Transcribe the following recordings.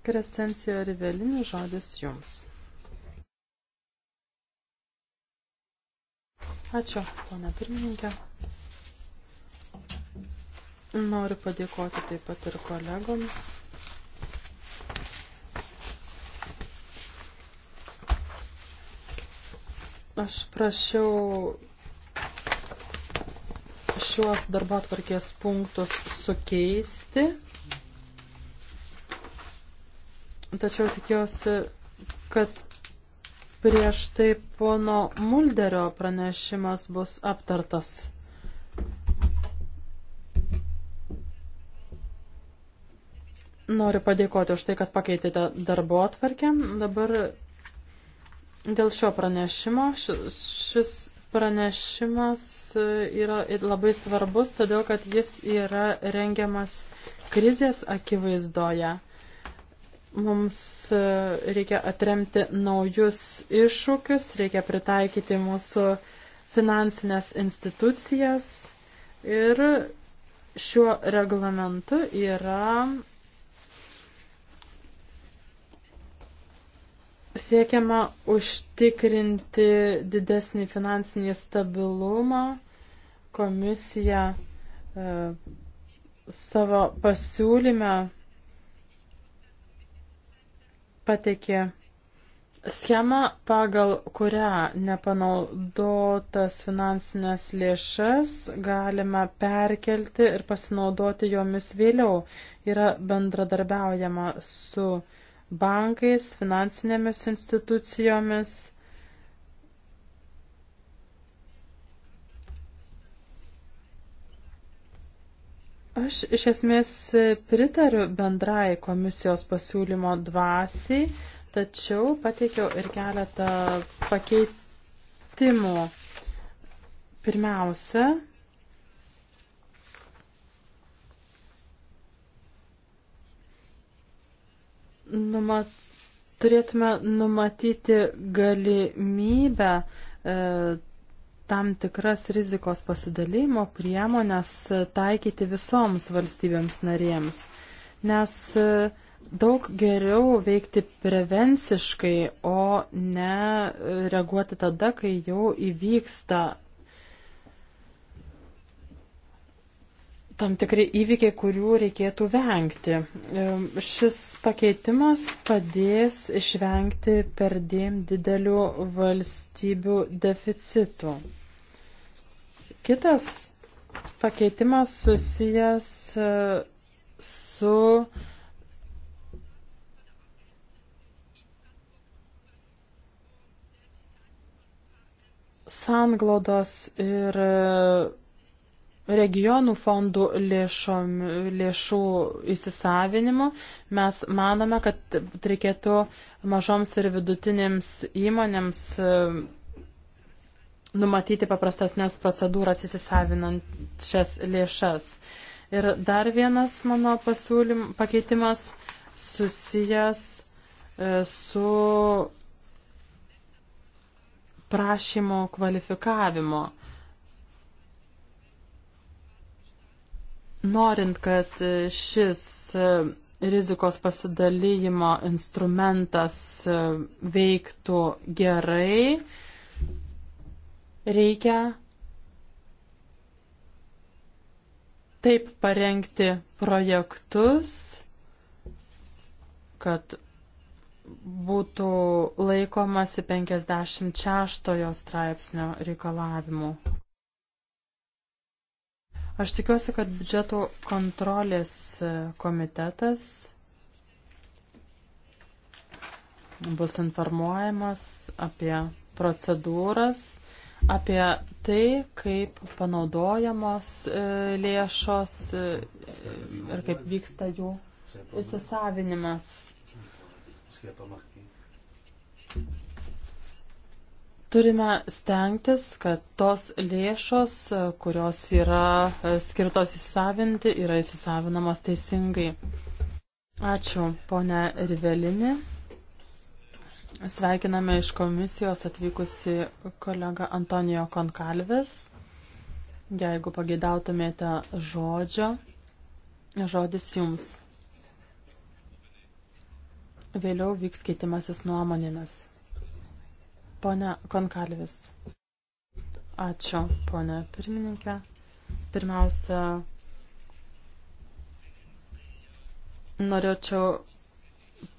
Kresencija Rivelinė žodis jums. Ačiū, pana pirmininkė. Noriu padėkoti taip pat ir kolegoms. Aš prašiau šiuos darbo atvarkės punktus sukeisti. Tačiau tikiuosi, kad prieš tai pono Mulderio pranešimas bus aptartas. Noriu padėkoti už tai, kad pakeitėte darbo atvarkę. Dabar dėl šio pranešimo. Šis pranešimas yra labai svarbus, todėl kad jis yra rengiamas krizės akivaizdoje. Mums e, reikia atremti naujus iššūkius, reikia pritaikyti mūsų finansinės institucijas ir šiuo reglamentu yra siekiama užtikrinti didesnį finansinį stabilumą. Komisija e, savo pasiūlyme pateikė schemą, pagal kurią nepanaudotas finansinės lėšas galima perkelti ir pasinaudoti jomis vėliau. Yra bendradarbiaujama su bankais, finansinėmis institucijomis. Aš iš esmės pritariu bendrai komisijos pasiūlymo dvasiai, tačiau pateikiau ir keletą pakeitimų. Pirmiausia, numat, turėtume numatyti galimybę e, tam tikras rizikos pasidalymo priemonės taikyti visoms valstybėms narėms, nes e, daug geriau veikti prevenciškai, o ne e, reaguoti tada, kai jau įvyksta tam tikri įvykiai, kurių reikėtų vengti. E, šis pakeitimas padės išvengti perdėm didelių valstybių deficitų. Kitas pakeitimas susijęs e, su sanglaudos ir e, regionų fondų lėšom, lėšų įsisavinimu, mes manome, kad reikėtų mažoms ir vidutinėms įmonėms e, numatyti paprastesnės procedūras įsisavinant šias lėšas. Ir dar vienas mano pasiūlym, pakeitimas susijęs e, su prašymo kvalifikavimo. Norint, kad šis e, rizikos pasidalymo instrumentas e, veiktų gerai, reikia taip parengti projektus, kad būtų laikomasi 56 straipsnio reikalavimų. Aš tikiuosi, kad biudžeto kontrolės komitetas bus informuojamas apie procedūras apie tai, kaip panaudojamos e, lėšos e, ir kaip vyksta jų įsisavinimas. Turime stengtis, kad tos lėšos, kurios yra e, skirtos įsisavinti, yra įsisavinamos teisingai. Ačiū, ponia Rivelinė. Sveikiname iš komisijos atvykusi kolega Antonijo Konkalvis. Jeigu pageidautumėte žodžio, žodis jums. Vėliau vyks keitimasis nuomonėmis. Pone Konkalvis. Ačiū, ponė pirmininkė. Pirmiausia, norėčiau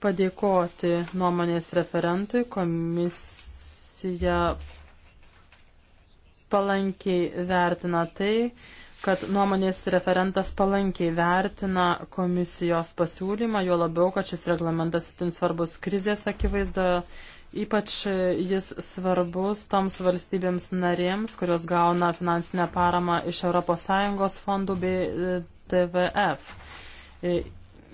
padėkoti nuomonės referentui. Komisija palankiai vertina tai, kad nuomonės referentas palankiai vertina komisijos pasiūlymą, juo labiau, kad šis reglamentas itin svarbus krizės akivaizdoje. Ypač jis svarbus toms valstybėms narėms, kurios gauna finansinę paramą iš ES fondų bei TVF. E,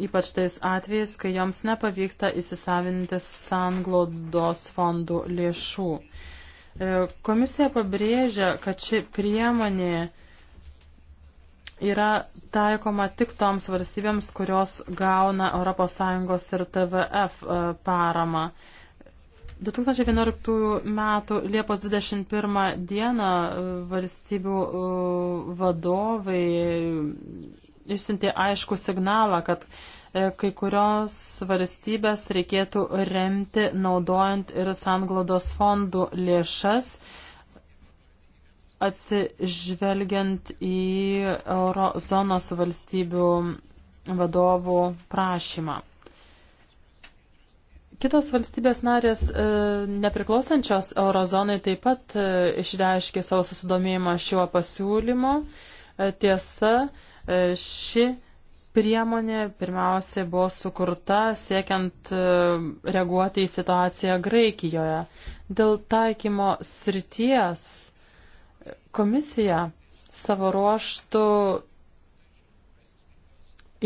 ypač tais atvejais, kai joms nepavyksta įsisavinti sanglaudos fondų lėšų. E, komisija pabrėžia, kad ši priemonė yra taikoma tik toms valstybėms, kurios gauna ES ir TVF e, paramą. 2011 m. Liepos 21 d. E, valstybių vadovai išsinti aišku signalą, kad e, kai kurios valstybės reikėtų remti naudojant ir sanglodos fondų lėšas, atsižvelgiant į eurozonos valstybių vadovų prašymą. Kitos valstybės narės e, nepriklausančios eurozonai taip pat e, išreiškė savo susidomėjimą šiuo pasiūlymu. Tiesa, E, ši priemonė pirmiausia buvo sukurta siekiant e, reaguoti į situaciją Graikijoje. Dėl taikymo srities e, komisija savo ruoštų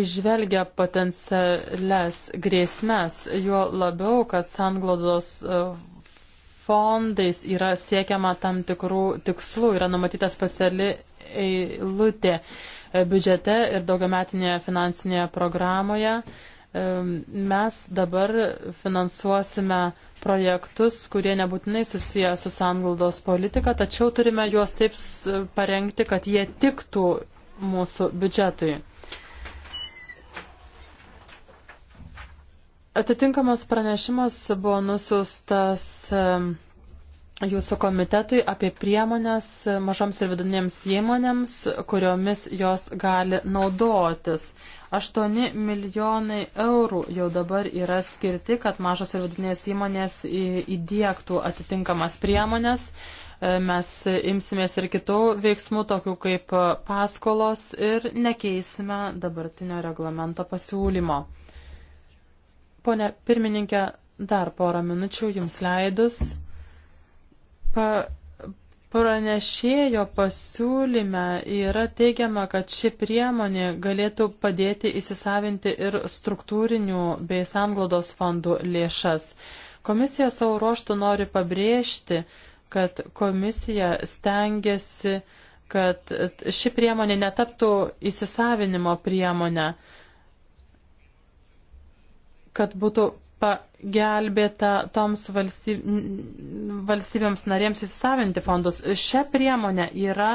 išvelgia potencialias grėsmes, juo labiau, kad sanglodos fondais yra siekiama tam tikrų tikslų, yra numatyta speciali eilutė. E, biudžete ir daugiametinėje finansinėje programoje mes dabar finansuosime projektus, kurie nebūtinai susiję su sanglaudos politika, tačiau turime juos taip parengti, kad jie tiktų mūsų biudžetui. Atitinkamas pranešimas buvo nusiustas jūsų komitetui apie priemonės mažoms ir vidutinėms įmonėms, kuriomis jos gali naudotis. 8 milijonai eurų jau dabar yra skirti, kad mažos ir vidutinės įmonės įdėktų atitinkamas priemonės. E, mes imsimės ir kitų veiksmų, tokių kaip paskolos, ir nekeisime dabartinio reglamento pasiūlymo. Pone pirmininkė, dar porą minučių jums leidus. Pa, pranešėjo pasiūlyme yra teigiama, kad ši priemonė galėtų padėti įsisavinti ir struktūrinių bei sanglodos fondų lėšas. Komisija savo ruoštų nori pabrėžti, kad komisija stengiasi, kad ši priemonė netaptų įsisavinimo priemonę, kad būtų pagelbėta toms valstyb... valstybėms narėms įsisavinti fondus. Šią priemonę yra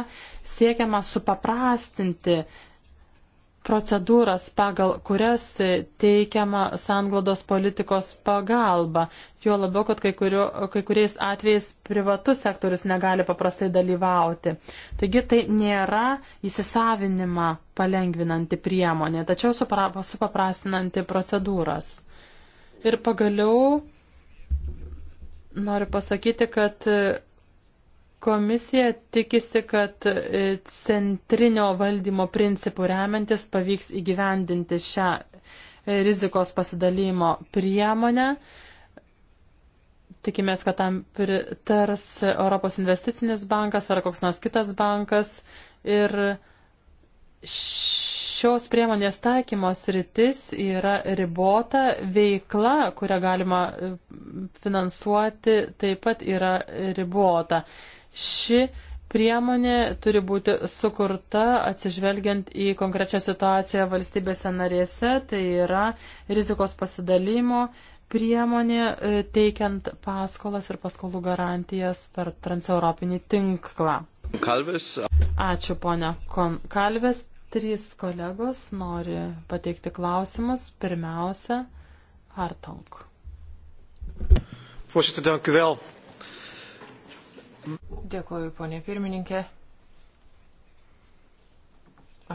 siekiama supaprastinti procedūras, pagal kurias teikiama sanglodos politikos pagalba. Jo labiau, kad kai, kuriu, kai kuriais atvejais privatus sektorius negali paprastai dalyvauti. Taigi tai nėra įsisavinimą palengvinanti priemonė, tačiau supaprastinanti procedūras. Ir pagaliau noriu pasakyti, kad komisija tikisi, kad centrinio valdymo principų remiantis pavyks įgyvendinti šią rizikos pasidalymo priemonę. Tikimės, kad tam pritars Europos investicinis bankas ar koks nors kitas bankas. Ir šios priemonės taikymos rytis yra ribota, veikla, kurią galima e, finansuoti, taip pat yra ribota. Ši priemonė turi būti sukurta atsižvelgiant į konkrečią situaciją valstybėse narėse, tai yra rizikos pasidalymo priemonė e, teikiant paskolas ir paskolų garantijas per transeuropinį tinklą. Kalvis. Ačiū, ponia Kalvis. Trys kolegos nori pateikti klausimus. Pirmiausia, Hartong. Voorzitter, dank u wel. Dėkuoju, ponė pirmininkė.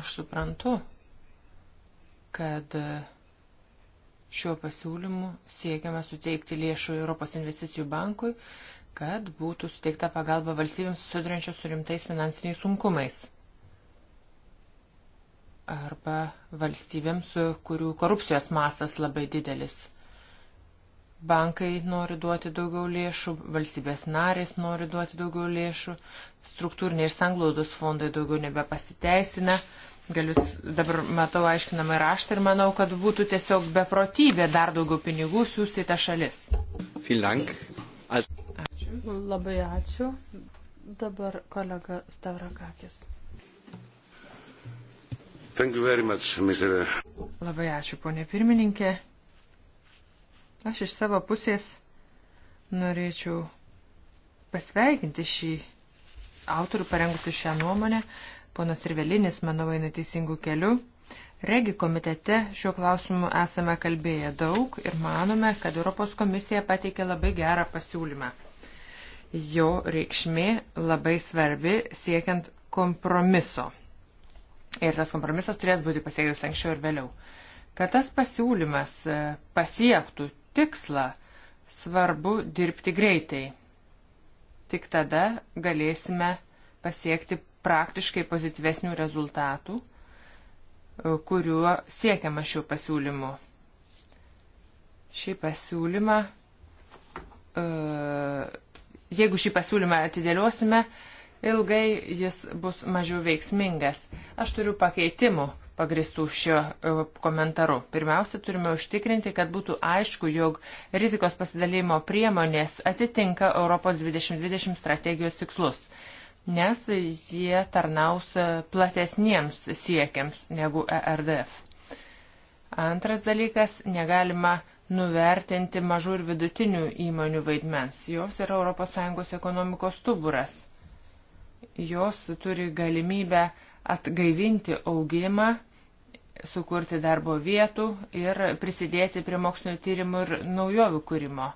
Aš suprantu, kad e, šiuo pasiūlymu siekiama suteikti lėšų Europos investicijų bankui, kad būtų suteikta pagalba valstybėms susidurančios su rimtais finansiniais sunkumais. Arba valstybėms, kurių korupcijos masas labai didelis. Bankai nori duoti daugiau lėšų, valstybės narės nori duoti daugiau lėšų, struktūriniai ir sanglaudos fondai daugiau nebepasiteisina. Galius, dabar matau aiškinamą raštą ir manau, kad būtų tiesiog beprotybė dar daugiau pinigų siūsti į tą šalis. Vielen Dank. Nu, labai ačiū. Dabar kolega Stavrakakis. Much, Mr. Labai ačiū, ponė pirmininkė. Aš iš savo pusės norėčiau pasveikinti šį autorių parengusių šią nuomonę. Ponas Irvelinis, manau, eina teisingų kelių. Regi komitete šiuo klausimu esame kalbėję daug ir manome, kad Europos komisija pateikė labai gerą pasiūlymą jo reikšmė labai svarbi siekiant kompromiso. Ir tas kompromisas turės būti pasiektas anksčiau ir vėliau. Kad tas pasiūlymas e, pasiektų tikslą, svarbu dirbti greitai. Tik tada galėsime pasiekti praktiškai pozityvesnių rezultatų, e, kuriuo siekiama šiuo pasiūlymu. Šį pasiūlymą uh, e, Jeigu šį pasiūlymą atidėliosime, ilgai jis bus mažiau veiksmingas. Aš turiu pakeitimų pagristų šio e, komentaru. Pirmiausia, turime užtikrinti, kad būtų aišku, jog rizikos pasidalymo priemonės atitinka Europos 2020 strategijos tikslus, nes jie tarnaus platesniems siekiams negu ERDF. Antras dalykas, negalima nuvertinti mažų ir vidutinių įmonių vaidmens. Jos yra ES ekonomikos stuburas. Jos turi galimybę atgaivinti augimą, sukurti darbo vietų ir prisidėti prie mokslinio tyrimų ir naujovių kūrimo.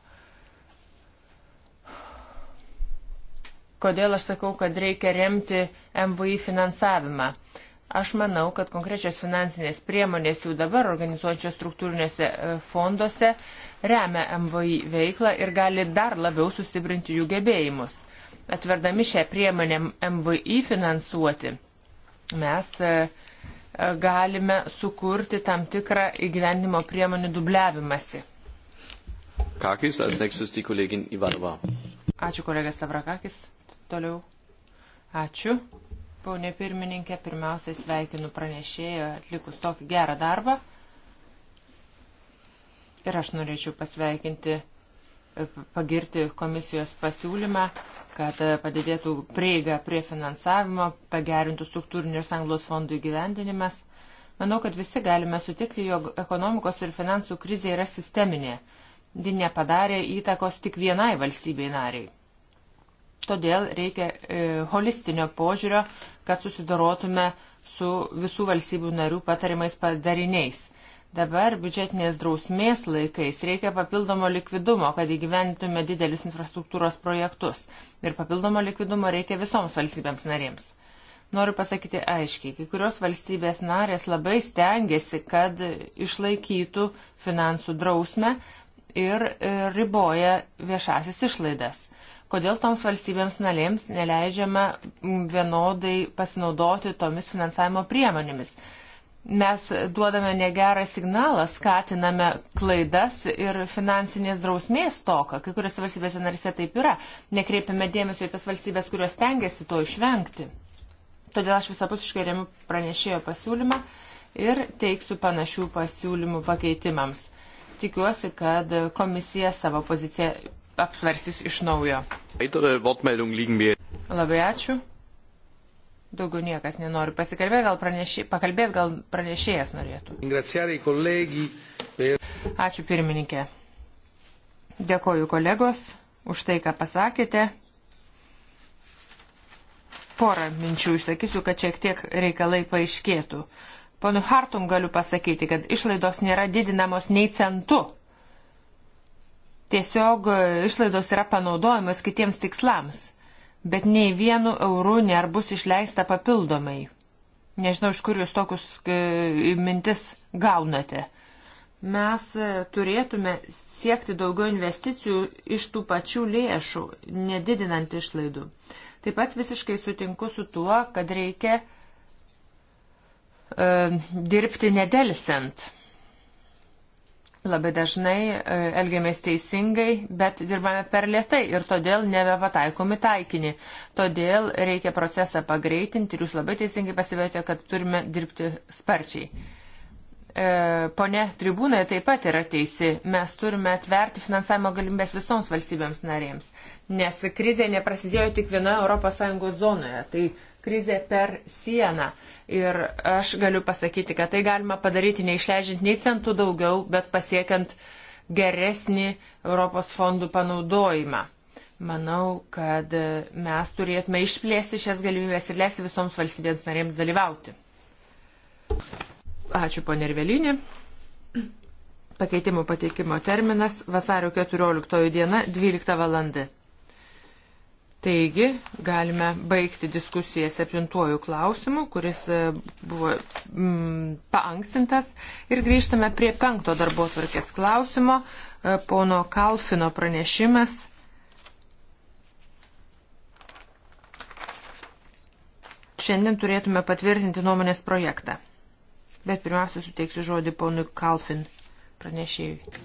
Kodėl aš sakau, kad reikia remti MVI finansavimą? Aš manau, kad konkrečios finansinės priemonės jau dabar organizuojančios struktūrinėse e, fonduose remia MVI veiklą ir gali dar labiau sustiprinti jų gebėjimus. Atverdami šią priemonę MVI finansuoti, mes e, e, galime sukurti tam tikrą įgyvendimo priemonių dubliavimąsi. Kakis, als nächstes die Kollegin Ivanova. Ačiū, kolega Savrakakis. Toliau. Ačiū. Paunė pirmininkė, pirmiausiai sveikinu pranešėją atlikus tokį gerą darbą. Ir aš norėčiau pasveikinti, e, pagirti komisijos pasiūlymą, kad e, padidėtų prieiga prie finansavimo, pagerintų struktūrinio sanglos fondų įgyvendinimas. Manau, kad visi galime sutikti, jog ekonomikos ir finansų krizė yra sisteminė. Ji nepadarė įtakos tik vienai valstybei nariai. Todėl reikia e, holistinio požiūrio, kad susidorotume su visų valstybių narių patarimais padariniais. Dabar biudžetinės drausmės laikais reikia papildomo likvidumo, kad įgyventume didelius infrastruktūros projektus. Ir papildomo likvidumo reikia visoms valstybėms narėms. Noriu pasakyti aiškiai, kai kurios valstybės narės labai stengiasi, kad išlaikytų finansų drausmę ir e, riboja viešasis išlaidas kodėl toms valstybėms narėms neleidžiama vienodai pasinaudoti tomis finansavimo priemonėmis. Mes duodame negerą signalą, skatiname klaidas ir finansinės drausmės toką. Kai kuriuose valstybėse narise taip yra. Nekreipiame dėmesio į tas valstybės, kurios tengiasi to išvengti. Todėl aš visapusiškai remiu pranešėjo pasiūlymą ir teiksiu panašių pasiūlymų pakeitimams tikiuosi, kad komisija savo poziciją apsvarstys iš naujo. Labai ačiū. Daugiau niekas nenori pasikalbėti, gal, pranešė, pakalbėt, gal pranešėjas norėtų. Ačiū pirmininkė. Dėkoju kolegos už tai, ką pasakėte. Porą minčių išsakysiu, kad šiek tiek reikalai paaiškėtų. Ponu Hartung galiu pasakyti, kad išlaidos nėra didinamos nei centu tiesiog e, išlaidos yra panaudojamos kitiems tikslams, bet nei vienu euru nėra bus išleista papildomai. Nežinau, iš kur jūs tokius e, mintis gaunate. Mes e, turėtume siekti daugiau investicijų iš tų pačių lėšų, nedidinant išlaidų. Taip pat visiškai sutinku su tuo, kad reikia e, dirbti nedelsiant Labai dažnai e, elgiamės teisingai, bet dirbame per lietai ir todėl nebepataikomi taikinį. Todėl reikia procesą pagreitinti ir jūs labai teisingai pasivėjote, kad turime dirbti sparčiai. E, pone tribūnai taip pat yra teisi. Mes turime atverti finansavimo galimybės visoms valstybėms narėms, nes krizė neprasidėjo tik vienoje ES zonoje. Tai krizė per sieną. Ir aš galiu pasakyti, kad tai galima padaryti neišleidžiant nei centų daugiau, bet pasiekiant geresnį Europos fondų panaudojimą. Manau, kad mes turėtume išplėsti šias galimybės ir leisti visoms valstybėms narėms dalyvauti. Ačiū, ponė Irvelinė. Pakeitimų pateikimo terminas vasario 14 diena 12 valandai. Taigi, galime baigti diskusiją septintuoju klausimu, kuris e, buvo mm, paankstintas. Ir grįžtame prie penkto darbo tvarkės klausimo. E, pono Kalfino pranešimas. Šiandien turėtume patvirtinti nuomonės projektą. Bet pirmiausia, suteiksiu žodį ponui Kalfin pranešėjui.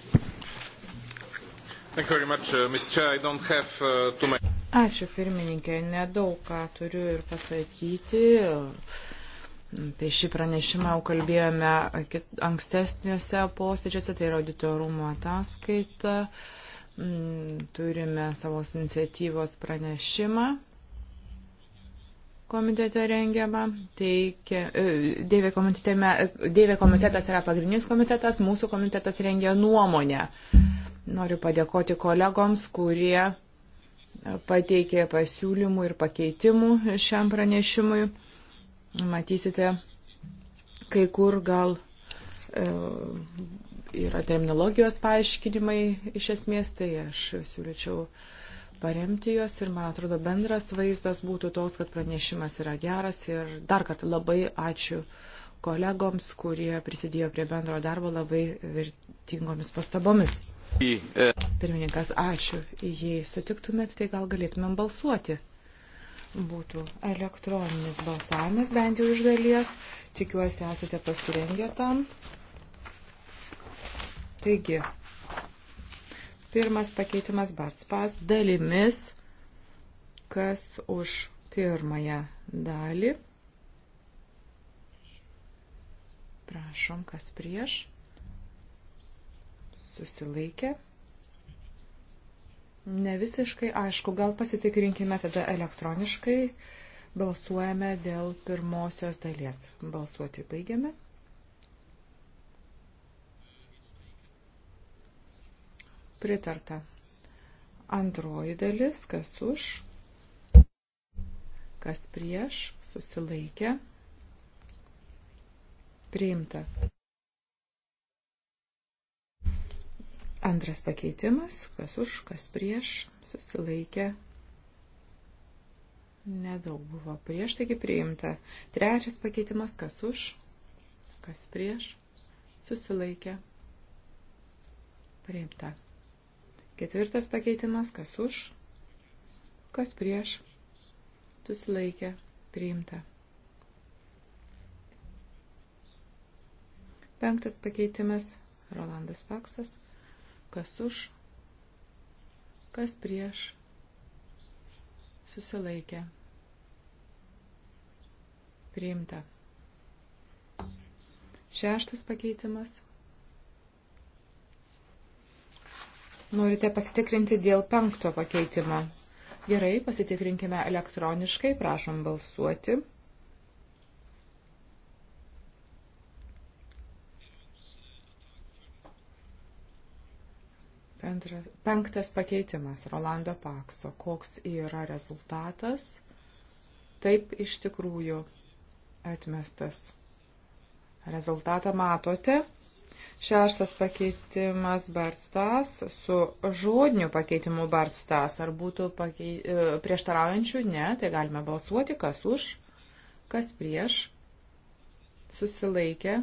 Thank you very much, uh, Mr. Chair. I don't have uh, too much. Ačiū pirmininkė, nedaug ką turiu ir pasakyti. Apie šį pranešimą jau kalbėjome ankstesniuose posėdžiuose, tai yra auditorumo ataskaita. Mm, turime savo iniciatyvos pranešimą komitete rengiama. Teikia, dėvė, e, dėvė komitetas yra pagrindinis komitetas, mūsų komitetas rengia nuomonę. Noriu padėkoti kolegoms, kurie pateikė pasiūlymų ir pakeitimų šiam pranešimui. Matysite, kai kur gal e, yra terminologijos paaiškinimai iš esmės, tai aš siūlyčiau paremti juos ir, man atrodo, bendras vaizdas būtų toks, kad pranešimas yra geras ir dar kartą labai ačiū kolegoms, kurie prisidėjo prie bendro darbo labai vertingomis pastabomis. Pirmininkas, ačiū. Jei sutiktumėt, tai gal galėtumėm balsuoti. Būtų elektroninis balsavimas, bent jau iš dalies. Tikiuosi, esate pasirengę tam. Taigi, pirmas pakeitimas Bartspas dalimis, kas už pirmąją dalį. Prašom, kas prieš susilaikė. Ne visiškai aišku, gal pasitikrinkime tada elektroniškai. Balsuojame dėl pirmosios dalies. Balsuoti baigiame. Pritarta. Antroji dalis, kas už, kas prieš, susilaikė, priimta. Antras pakeitimas, kas už, kas prieš, susilaikė. Nedaug buvo prieš, taigi priimta. Trečias pakeitimas, kas už, kas prieš, susilaikė. Priimta. Ketvirtas pakeitimas, kas už, kas prieš, susilaikė. Priimta. Penktas pakeitimas, Rolandas Paksas kas už, kas prieš, susilaikė, priimta. Šeštas pakeitimas. Norite pasitikrinti dėl penkto pakeitimo. Gerai, pasitikrinkime elektroniškai, prašom balsuoti. Antras, penktas pakeitimas Rolando Pakso. Koks yra rezultatas? Taip iš tikrųjų atmestas. Rezultatą matote. Šeštas pakeitimas barstas su žodiniu pakeitimu barstas. Ar būtų pakei... E, prieštaraujančių? Ne, tai galime balsuoti, kas už, kas prieš. Susilaikė.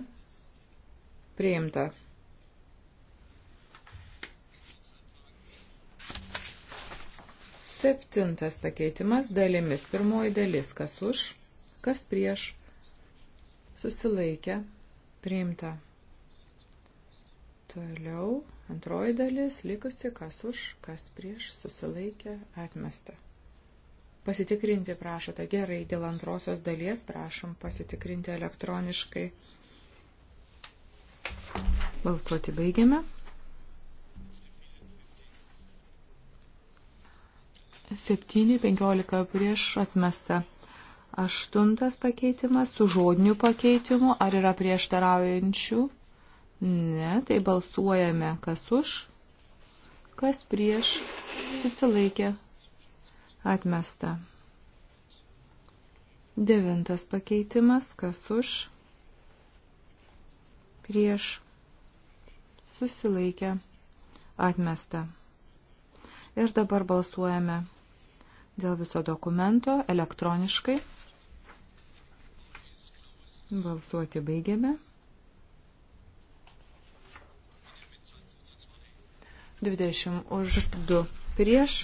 Priimta. Septintas pakeitimas dalimis. Pirmoji dalis, kas už, kas prieš, susilaikė, priimta. Toliau antroji dalis, likusi, kas už, kas prieš, susilaikė, atmesta. Pasitikrinti prašote gerai, dėl antrosios dalies prašom pasitikrinti elektroniškai. Balsuoti baigiame. 7, 15 prieš atmesta. Aštuntas pakeitimas su žodiniu pakeitimu. Ar yra prieštaraujančių? Ne, tai balsuojame. Kas už? Kas prieš? Susilaikė. Atmesta. Devintas pakeitimas. Kas už? Prieš. Susilaikė. Atmesta. Ir dabar balsuojame dėl viso dokumento elektroniškai. Balsuoti baigiame. 20 už 2 prieš.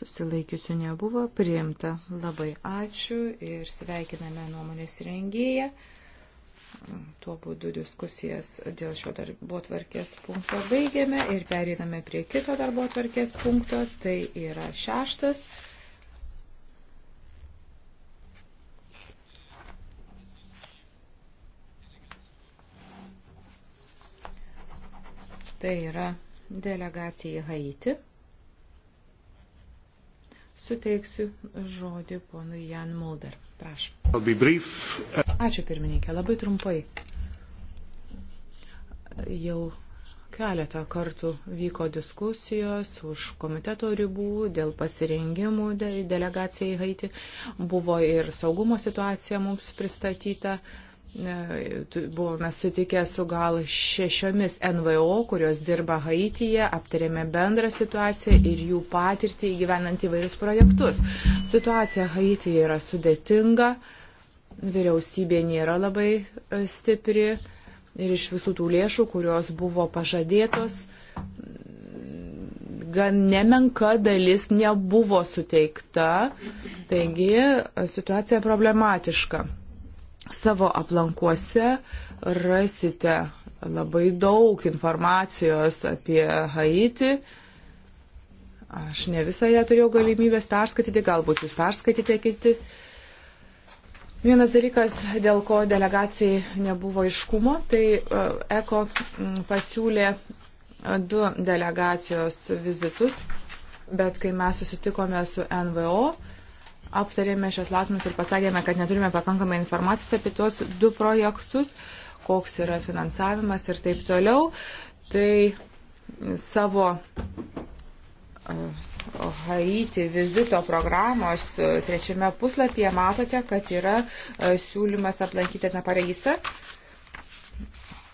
Susilaikiusių nebuvo priimta. Labai ačiū ir sveikiname nuomonės rengėją tuo būdu diskusijas dėl šio darbo tvarkės punkto baigėme ir pereiname prie kito darbo tvarkės punkto, tai yra šeštas. Tai yra delegacija į Haiti. Suteiksiu žodį ponui Jan Mulder. Prašom. Ačiū pirmininkė, labai trumpai. Jau keletą kartų vyko diskusijos už komiteto ribų dėl pasirengimų delegacijai Haiti. Buvo ir saugumo situacija mums pristatyta. E, buvome sutikę su gal šešiomis NVO, kurios dirba Haityje, aptarėme bendrą situaciją ir jų patirtį įgyvenant įvairius projektus. Situacija Haityje yra sudėtinga. Mm vyriausybė nėra labai e, stipri ir iš visų tų lėšų, kurios buvo pažadėtos, mm, gan nemenka dalis nebuvo suteikta, taigi e, situacija problematiška. Savo aplankuose rasite labai daug informacijos apie Haiti. Aš ne visą ją turėjau galimybės perskaityti, galbūt jūs perskaitykite, Vienas dalykas, dėl ko delegacijai nebuvo iškumo, tai ECO pasiūlė e, du delegacijos vizitus, bet kai mes susitikome su NVO, aptarėme šios lasmus ir pasakėme, kad neturime pakankamai informacijos apie tuos du projektus, koks yra finansavimas ir taip toliau. Tai savo e, Haiti vizito programos e, trečiame puslapyje matote, kad yra e, siūlymas aplankyti Napareisą.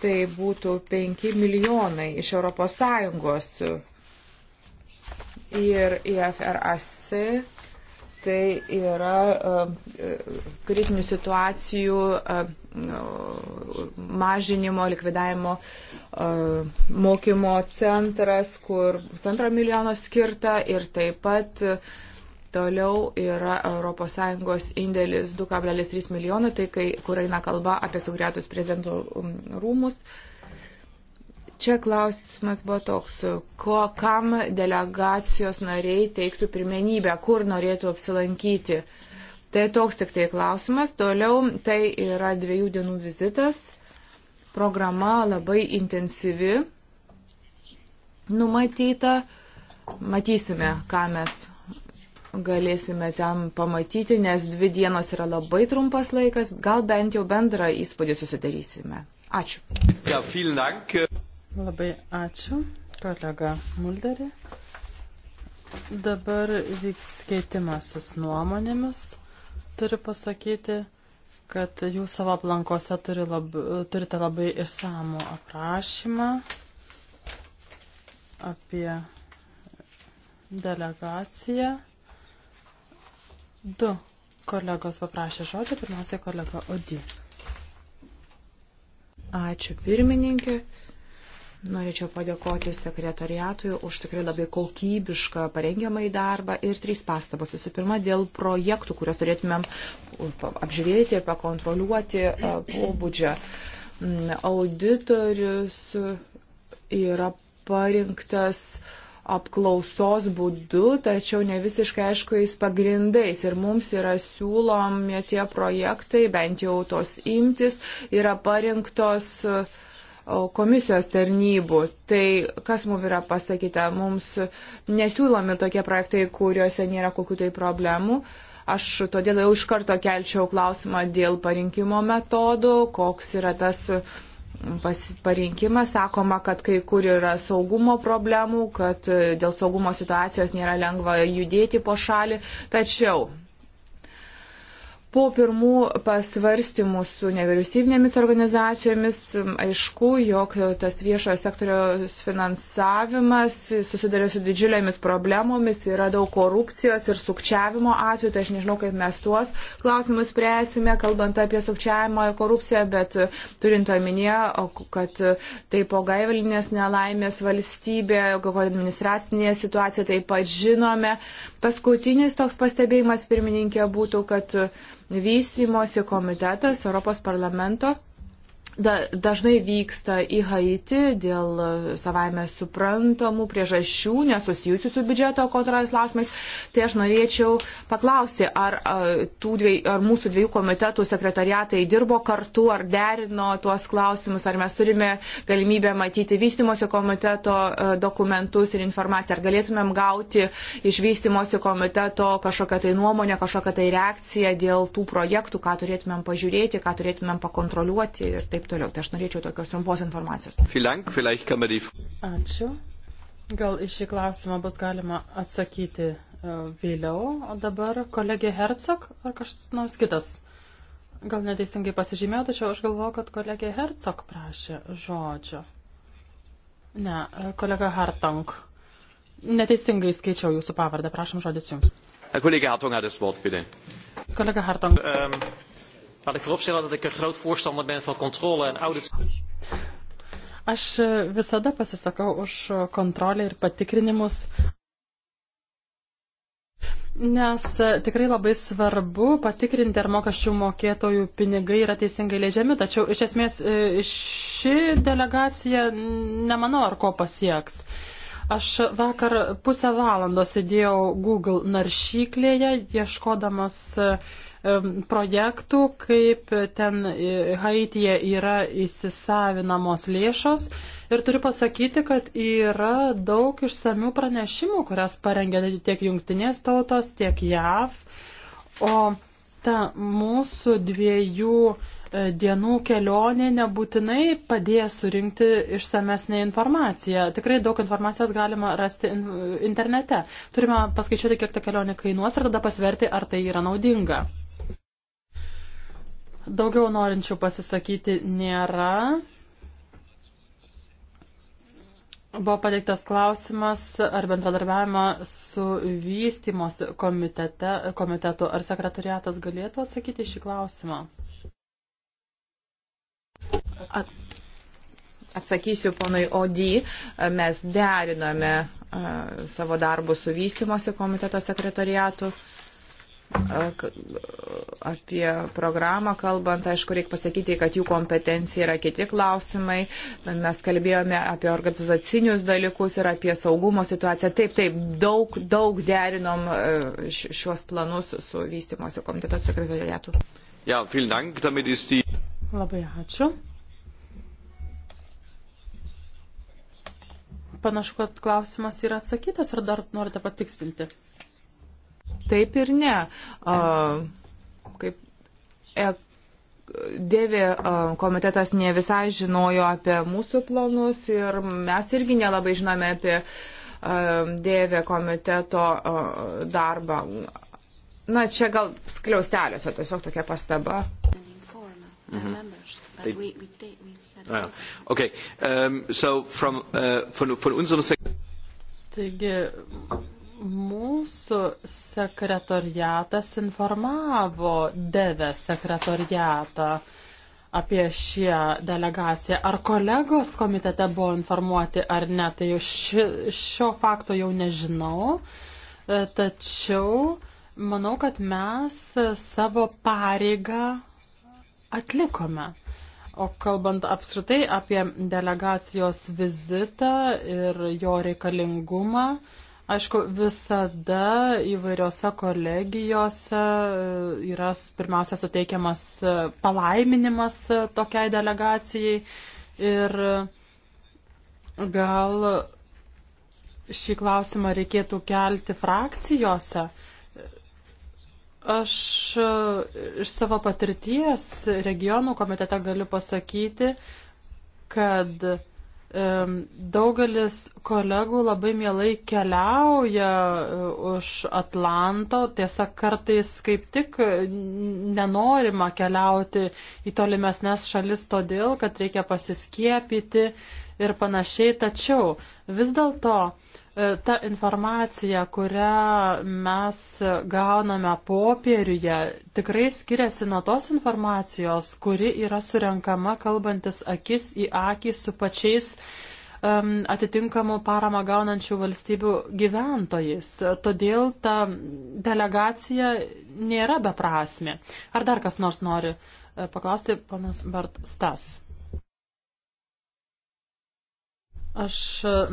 Tai būtų 5 milijonai iš ES ir IFRAC tai yra e, kritinių situacijų e, mažinimo, likvidavimo e, mokymo centras, kur pusantro milijono skirta ir taip pat toliau yra ES indėlis 2,3 milijonų, tai kai, kur eina kalba apie sugriautus prezidentų rūmus. Uh, Čia klausimas buvo toks, ko, kam delegacijos nariai teiktų pirmenybę, kur norėtų apsilankyti. Tai toks tik tai klausimas. Toliau tai yra dviejų dienų vizitas. Programa labai intensyvi. Numatyta. Matysime, ką mes galėsime ten pamatyti, nes dvi dienos yra labai trumpas laikas, gal bent jau bendrą įspūdį susidarysime. Ačiū. Ja, Labai ačiū, kolega Mulderi. Dabar vyks keitimasis nuomonėmis. Turiu pasakyti, kad jūs savo aplankose turi lab, turite labai išsamų aprašymą apie delegaciją. Du kolegos paprašė žodžio, pirmiausia kolega Odi. Ačiū pirmininkė. Norėčiau padėkoti sekretariatui už tikrai labai kokybišką parengiamąjį darbą ir trys pastabos. Visų pirma, dėl projektų, kuriuos turėtumėm apžiūrėti ir pakontroliuoti e, pobūdžio. Mm, auditorius yra parinktas apklausos būdu, tačiau ne visiškai aiškais pagrindais. Ir mums yra siūlomi tie projektai, bent jau tos imtis, yra parinktos uh, komisijos tarnybų. Tai kas mums yra pasakyta, mums nesiūlomi tokie projektai, kuriuose nėra kokių tai problemų. Aš todėl jau iš karto kelčiau klausimą dėl parinkimo metodų, koks yra tas mm, parinkimas. Sakoma, kad kai kur yra saugumo problemų, kad e, dėl saugumo situacijos nėra lengva judėti po šalį. Tačiau Po pirmų pasvarstymų su nevyriausybinėmis organizacijomis aišku, jog tas viešojo sektoriaus finansavimas susiduria su didžiulėmis problemomis, yra daug korupcijos ir sukčiavimo atveju, tai aš nežinau, kaip mes tuos klausimus spręsime, kalbant apie sukčiavimą ir korupciją, bet turint omenyje, kad tai po gaivalinės nelaimės valstybė, kokia administracinė situacija taip pat žinome. Paskutinis toks pastebėjimas pirmininkė būtų, kad vystymosi komitetas Europos parlamento da, dažnai vyksta į Haiti dėl savaime suprantamų priežasčių, nesusijusių su biudžeto kontrolės klausimais. Tai aš norėčiau paklausti, ar, dviej, ar mūsų dviejų komitetų sekretariatai dirbo kartu, ar derino tuos klausimus, ar mes turime galimybę matyti vystimosi komiteto dokumentus ir informaciją, ar galėtumėm gauti iš vystimosi komiteto kažkokią tai nuomonę, kažkokią tai reakciją dėl tų projektų, ką turėtumėm pažiūrėti, ką turėtumėm pakontroliuoti ir taip taip toliau. Tai aš norėčiau tokios trumpos informacijos. Ačiū. Gal iš šį klausimą bus galima atsakyti e, vėliau, o dabar kolegė Hercog ar kažkas nors kitas. Gal neteisingai pasižymėjau, tačiau aš galvoju, kad kolegė Hercog prašė žodžio. Ne, e, kolega Hartong. Neteisingai skaičiau jūsų pavardę, prašom žodis jums. Kolega Hartong, ar jūs vod, Kolega Hartong. Um. Laat ik vooropstellen dat ik een groot voorstander ben van controle en audit. Aš e, visada pasisakau už e, kontrolę ir patikrinimus, nes e, tikrai labai svarbu patikrinti, ar mokesčių mokėtojų pinigai yra teisingai leidžiami, tačiau iš esmės ši delegacija nemanau, ar ko pasieks. Aš vakar pusę valandos sėdėjau Google naršyklėje, ieškodamas uh, projektų, kaip ten e, Haityje yra įsisavinamos lėšos. Ir turiu pasakyti, kad yra daug išsamių pranešimų, kurias parengė tiek jungtinės tautos, tiek JAV. O ta mūsų dviejų e, dienų kelionė nebūtinai padės surinkti išsamesnį informaciją. Tikrai daug informacijos galima rasti internete. Turime paskaičiuoti, kiek ta kelionė kainuos ir tada pasverti, ar tai yra naudinga. Daugiau norinčių pasisakyti nėra. Buvo pateiktas klausimas, ar bendradarbiavimą su vystimos komitetu, ar sekretariatas galėtų atsakyti šį klausimą? At, atsakysiu ponui Odį, mes derinome uh, savo darbus su vystimosi komiteto sekretariatu. Uh, apie programą kalbant, aišku, reikia pasakyti, kad jų kompetencija yra kiti klausimai. Mes kalbėjome apie organizacinius dalykus ir apie saugumo situaciją. Taip, taip, daug, daug derinom šiuos planus su vystimosi komiteto sekretariatu. Ja, dank, die... Labai ačiū. Panašu, kad klausimas yra atsakytas, ar dar norite patikslinti? Taip ir ne. Kaip Dėvė komitetas ne visai žinojo apie mūsų planus ir mes irgi nelabai žinome apie Dėvė komiteto darbą. Na, čia gal skliausteliuose tiesiog tokia pastaba. Mhm. Taip. Ah, okay. um, so from, uh, von, von unserem Taigi, Mūsų sekretoriatas informavo devę sekretoriatą apie šią delegaciją. Ar kolegos komitete buvo informuoti ar ne, tai ši, šio fakto jau nežinau. E, tačiau manau, kad mes savo pareigą atlikome. O kalbant apskritai apie delegacijos vizitą ir jo reikalingumą, uh, Aišku, visada įvairiose kolegijose e, yra pirmiausia suteikiamas e, palaiminimas e, tokiai delegacijai ir gal šį klausimą reikėtų kelti frakcijose. Aš iš savo patirties regionų komitete galiu pasakyti, kad Daugelis kolegų labai mielai keliauja e, už Atlanto, tiesa kartais kaip tik e, nenorima keliauti į tolimesnės šalis todėl, kad reikia pasiskiepyti ir panašiai, tačiau vis dėlto uh, E, ta informacija, kurią mes gauname popieriuje, tikrai skiriasi nuo tos informacijos, kuri yra surenkama kalbantis akis į akį su pačiais um, atitinkamų paramą gaunančių valstybių gyventojais. Todėl ta delegacija nėra beprasmė. Ar dar kas nors nori e, paklausti, panas Bart Stas? Aš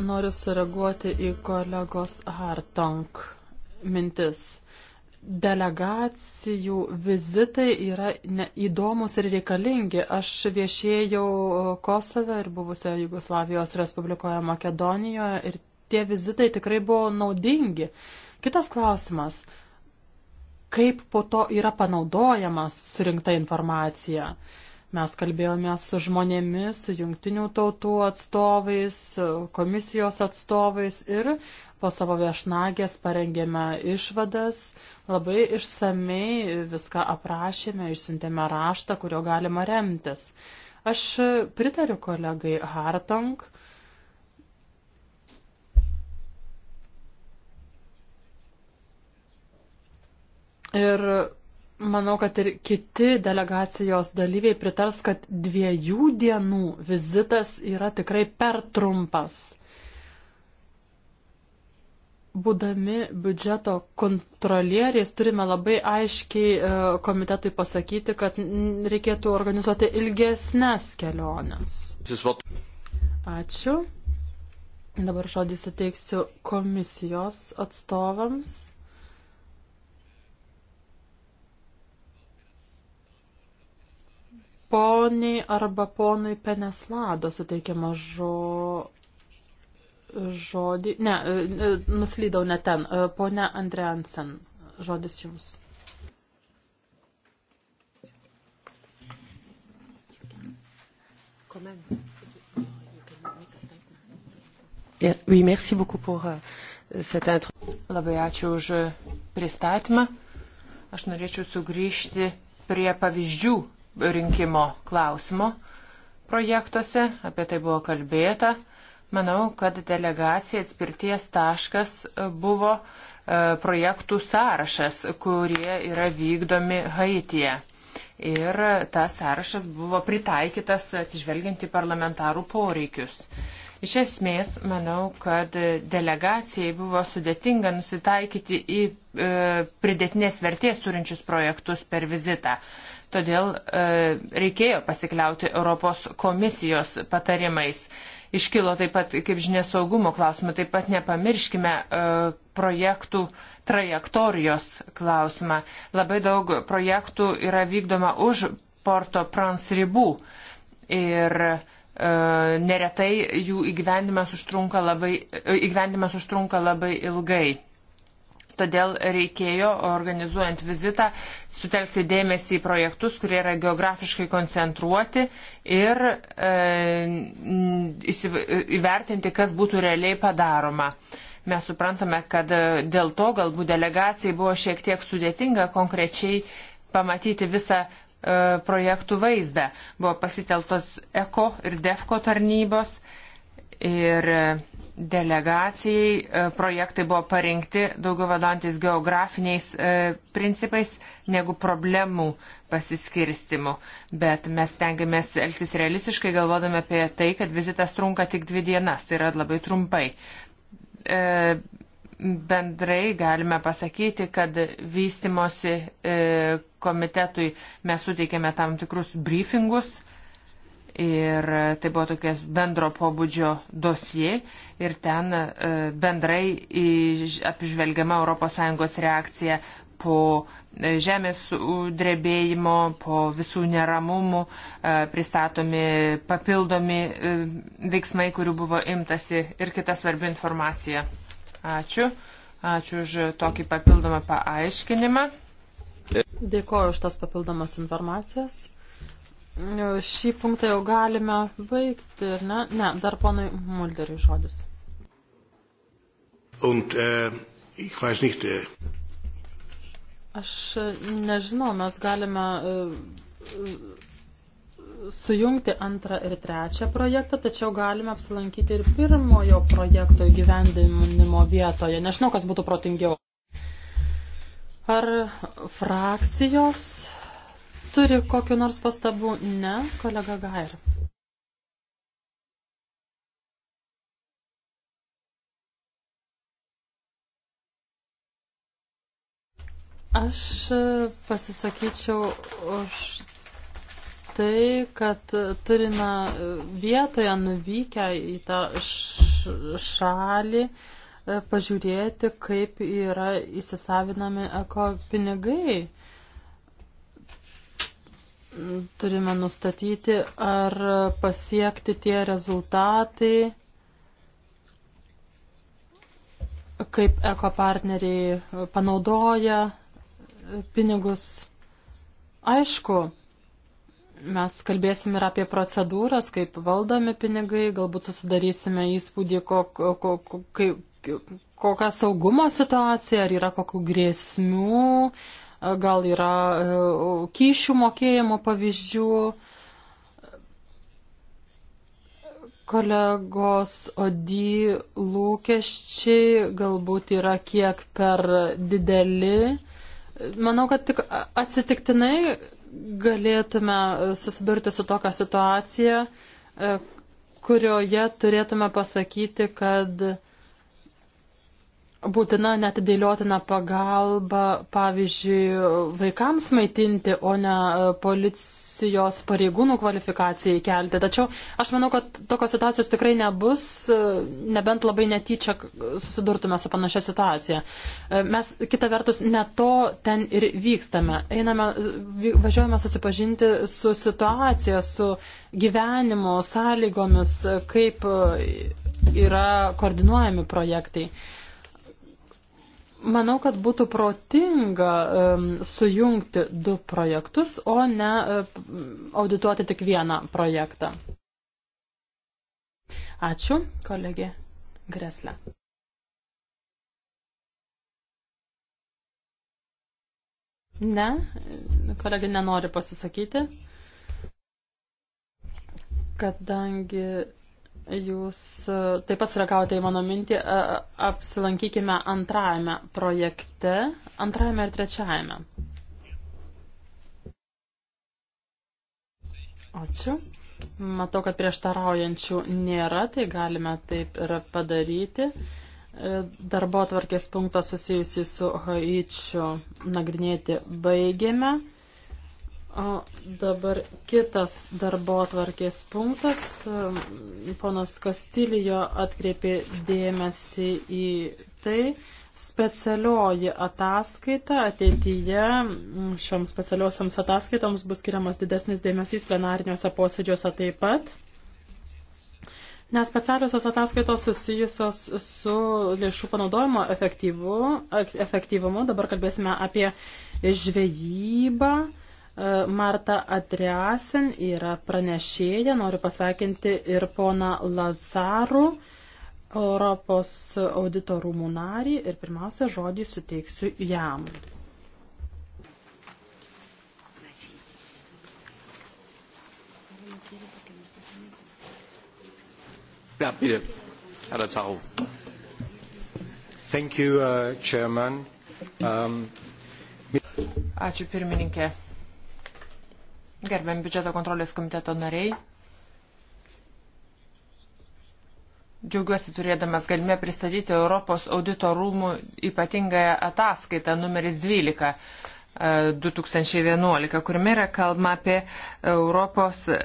noriu sureaguoti į kolegos Hartong mintis. Delegacijų vizitai yra ne, įdomus ir reikalingi. Aš viešėjau Kosove ir buvusioje Jugoslavijos Respublikoje Makedonijoje ir tie vizitai tikrai buvo naudingi. Kitas klausimas - kaip po to yra panaudojama surinkta informacija? Uh, Mes kalbėjome su žmonėmis, su jungtinių tautų atstovais, komisijos atstovais ir po savo viešnagės parengėme išvadas, labai išsamei viską aprašėme, išsintėme raštą, kurio galima remtis. Aš pritariu kolegai Hartong. Ir Manau, kad ir kiti delegacijos dalyviai pritars, kad dviejų dienų vizitas yra tikrai per trumpas. Būdami biudžeto kontrolieriais turime labai aiškiai e, komitetui pasakyti, kad reikėtų organizuoti ilgesnės keliones. Ačiū. Dabar žodį suteiksiu komisijos atstovams. poniai arba ponui Peneslado suteikiama žo... žodį. Ne, e, e, nuslydau ne ten. E, pone Andreansen, žodis jums. Euh, Labai ačiū už pristatymą. Aš norėčiau sugrįžti prie pavyzdžių rinkimo klausimo projektuose, apie tai buvo kalbėta. Manau, kad delegacija atspirties taškas buvo e, projektų sąrašas, kurie yra vykdomi Haityje. Ir tas sąrašas buvo pritaikytas atsižvelgiant į parlamentarų poreikius. Iš esmės, manau, kad delegacijai buvo sudėtinga nusitaikyti į e, pridėtinės vertės turinčius projektus per vizitą. Todėl e, reikėjo pasikliauti Europos komisijos patarimais. Iškilo taip pat, kaip žinia, saugumo klausimų, taip pat nepamirškime e, projektų trajektorijos klausimą. Labai daug projektų yra vykdoma už Porto Prans ribų. Ir e, E, neretai jų įgyvendimas užtrunka labai, e, įgyvendimas užtrunka labai ilgai. Todėl reikėjo, organizuojant vizitą, sutelkti dėmesį į projektus, kurie yra geografiškai koncentruoti ir e, e įvertinti, kas būtų realiai padaroma. Mes suprantame, kad dėl to galbūt delegacijai buvo šiek tiek sudėtinga konkrečiai pamatyti visą E, projektų vaizdą. Buvo pasiteltos ECO ir DEFCO tarnybos ir delegacijai e, projektai buvo parinkti daugiau vadantis geografiniais e, principais negu problemų pasiskirstimu. Bet mes tengiamės elgtis realistiškai, galvodami apie tai, kad vizitas trunka tik dvi dienas, tai yra labai trumpai bendrai galime pasakyti, kad vystimosi e, komitetui mes suteikėme tam tikrus briefingus ir tai buvo tokias bendro pobūdžio dosie ir ten e, bendrai apžvelgiama ES reakcija po e, žemės drebėjimo, po visų neramumų pristatomi papildomi veiksmai, kurių buvo imtasi ir kita svarbi informacija. Ačiū. Ačiū už tokį papildomą paaiškinimą. Dėkoju už tas papildomas informacijas. Šį punktą jau galime baigti, ar ne? Ne, dar ponui Mulderiui žodis. Und, äh, ich weiß nicht, äh... Aš nežinau, mes galime. Äh, sujungti antrą ir trečią projektą, tačiau galime apsilankyti ir pirmojo projekto įgyvendinimo vietoje. Nežinau, kas būtų protingiau. Ar frakcijos turi kokiu nors pastabu? Ne, kolega Gair. Aš pasisakyčiau už tai, kad turime vietoje nuvykę į tą šalį e, pažiūrėti, kaip yra įsisavinami eko pinigai. Turime nustatyti, ar pasiekti tie rezultatai, kaip eko partneriai panaudoja pinigus. Aišku, Mes kalbėsim ir apie procedūras, kaip valdomi pinigai, galbūt susidarysime įspūdį, kokia saugumo situacija, ar yra kokių grėsmių, gal yra e, kyšių mokėjimo pavyzdžių. kolegos Odi lūkesčiai galbūt yra kiek per dideli. Manau, kad tik atsitiktinai galėtume e, susidurti su tokia situacija, e, kurioje turėtume pasakyti, kad būtina netidėliotina pagalba, pavyzdžiui, vaikams maitinti, o ne e, policijos pareigūnų kvalifikacijai kelti. Tačiau aš manau, kad tokios situacijos tikrai nebus, e, nebent labai netyčia susidurtume su panašia situacija. E, mes, kita vertus, ne to ten ir vykstame. Einame, važiuojame susipažinti su situacija, su gyvenimo sąlygomis, kaip yra koordinuojami projektai. Uh, Manau, kad būtų protinga um, sujungti du projektus, o ne um, audituoti tik vieną projektą. Ačiū, kolegė Greslė. Ne, kolegė nenori pasisakyti, kadangi Jūs e, taip pat sureagavote į mano mintį, e, apsilankykime antrajame projekte, antrajame ir trečiajame. Ačiū. Matau, kad prieštaraujančių nėra, tai galime taip ir padaryti. E, darbo atvarkės punktą susijusį su Haičiu nagrinėti baigėme. O dabar kitas darbo tvarkės punktas. Ponas Kastilijo atkreipė dėmesį į tai, specialioji ataskaita ateityje, šioms specialiosioms ataskaitoms bus skiriamas didesnis dėmesys plenariniuose posėdžiuose taip pat. Nes specialiosios ataskaitos susijusios su lėšų panaudojimo efektyvu, efektyvumu, dabar kalbėsime apie žvejybą E, Marta Adriasen yra pranešėja, noriu pasveikinti ir pona Lazarų, Europos audito rūmų narį ir pirmiausia žodį suteiksiu jam. Ja, bitte, Herr Lazaro. Thank you, uh, Chairman. Um, Ačiū pirmininkė. Gerbiam biudžeto kontrolės komiteto nariai. Džiaugiuosi turėdamas galimybę pristatyti Europos audito rūmų ypatingąją ataskaitą numeris 12. 2011, e, kuriame yra kalba apie Europos e,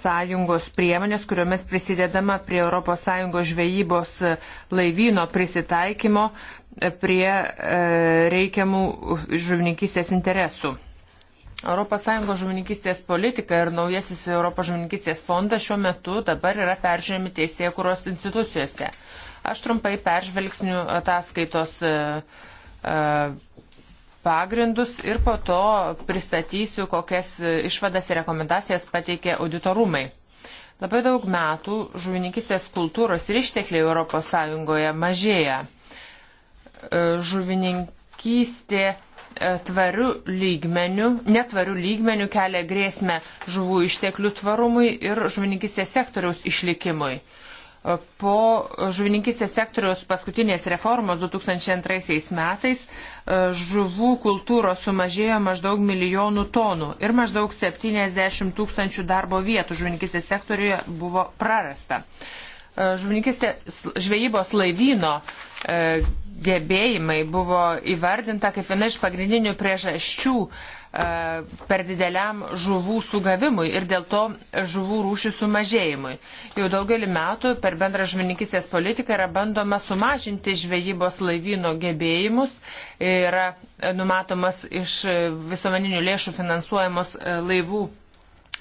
Sąjungos priemonės, kuriomis prisidedama prie Europos Sąjungos žvejybos laivyno prisitaikymo e, prie reikiamų žuvininkystės interesų. ES žuvininkystės politika ir naujasis ES žuvininkystės fondas šiuo metu dabar yra peržiūrėmi teisėje kuros institucijose. Aš trumpai peržvelgsniu ataskaitos e, e, pagrindus ir po to pristatysiu, kokias išvadas ir rekomendacijas pateikė auditorumai. Labai daug metų žuvininkistės kultūros ir ištekliai ES mažėja. E, žuvininkystė E, tvariu lygmeniu, netvariu lygmeniu kelia grėsmę žuvų išteklių tvarumui ir žuvininkistės sektoriaus išlikimui. E, po žuvininkistės sektoriaus paskutinės reformos 2002 metais e, žuvų kultūros sumažėjo maždaug milijonų tonų ir maždaug 70 tūkstančių darbo vietų žuvininkistės sektoriuje buvo prarasta. Žuvininkistės žvejybos laivyno E, gebėjimai buvo įvardinta kaip viena iš pagrindinių priežasčių e, per dideliam žuvų sugavimui ir dėl to žuvų rūšių sumažėjimui. Jau daugelį metų per bendrą žuvininkistės politiką yra bandoma sumažinti žvejybos laivyno gebėjimus, yra numatomas iš visuomeninių lėšų finansuojamos e, laivų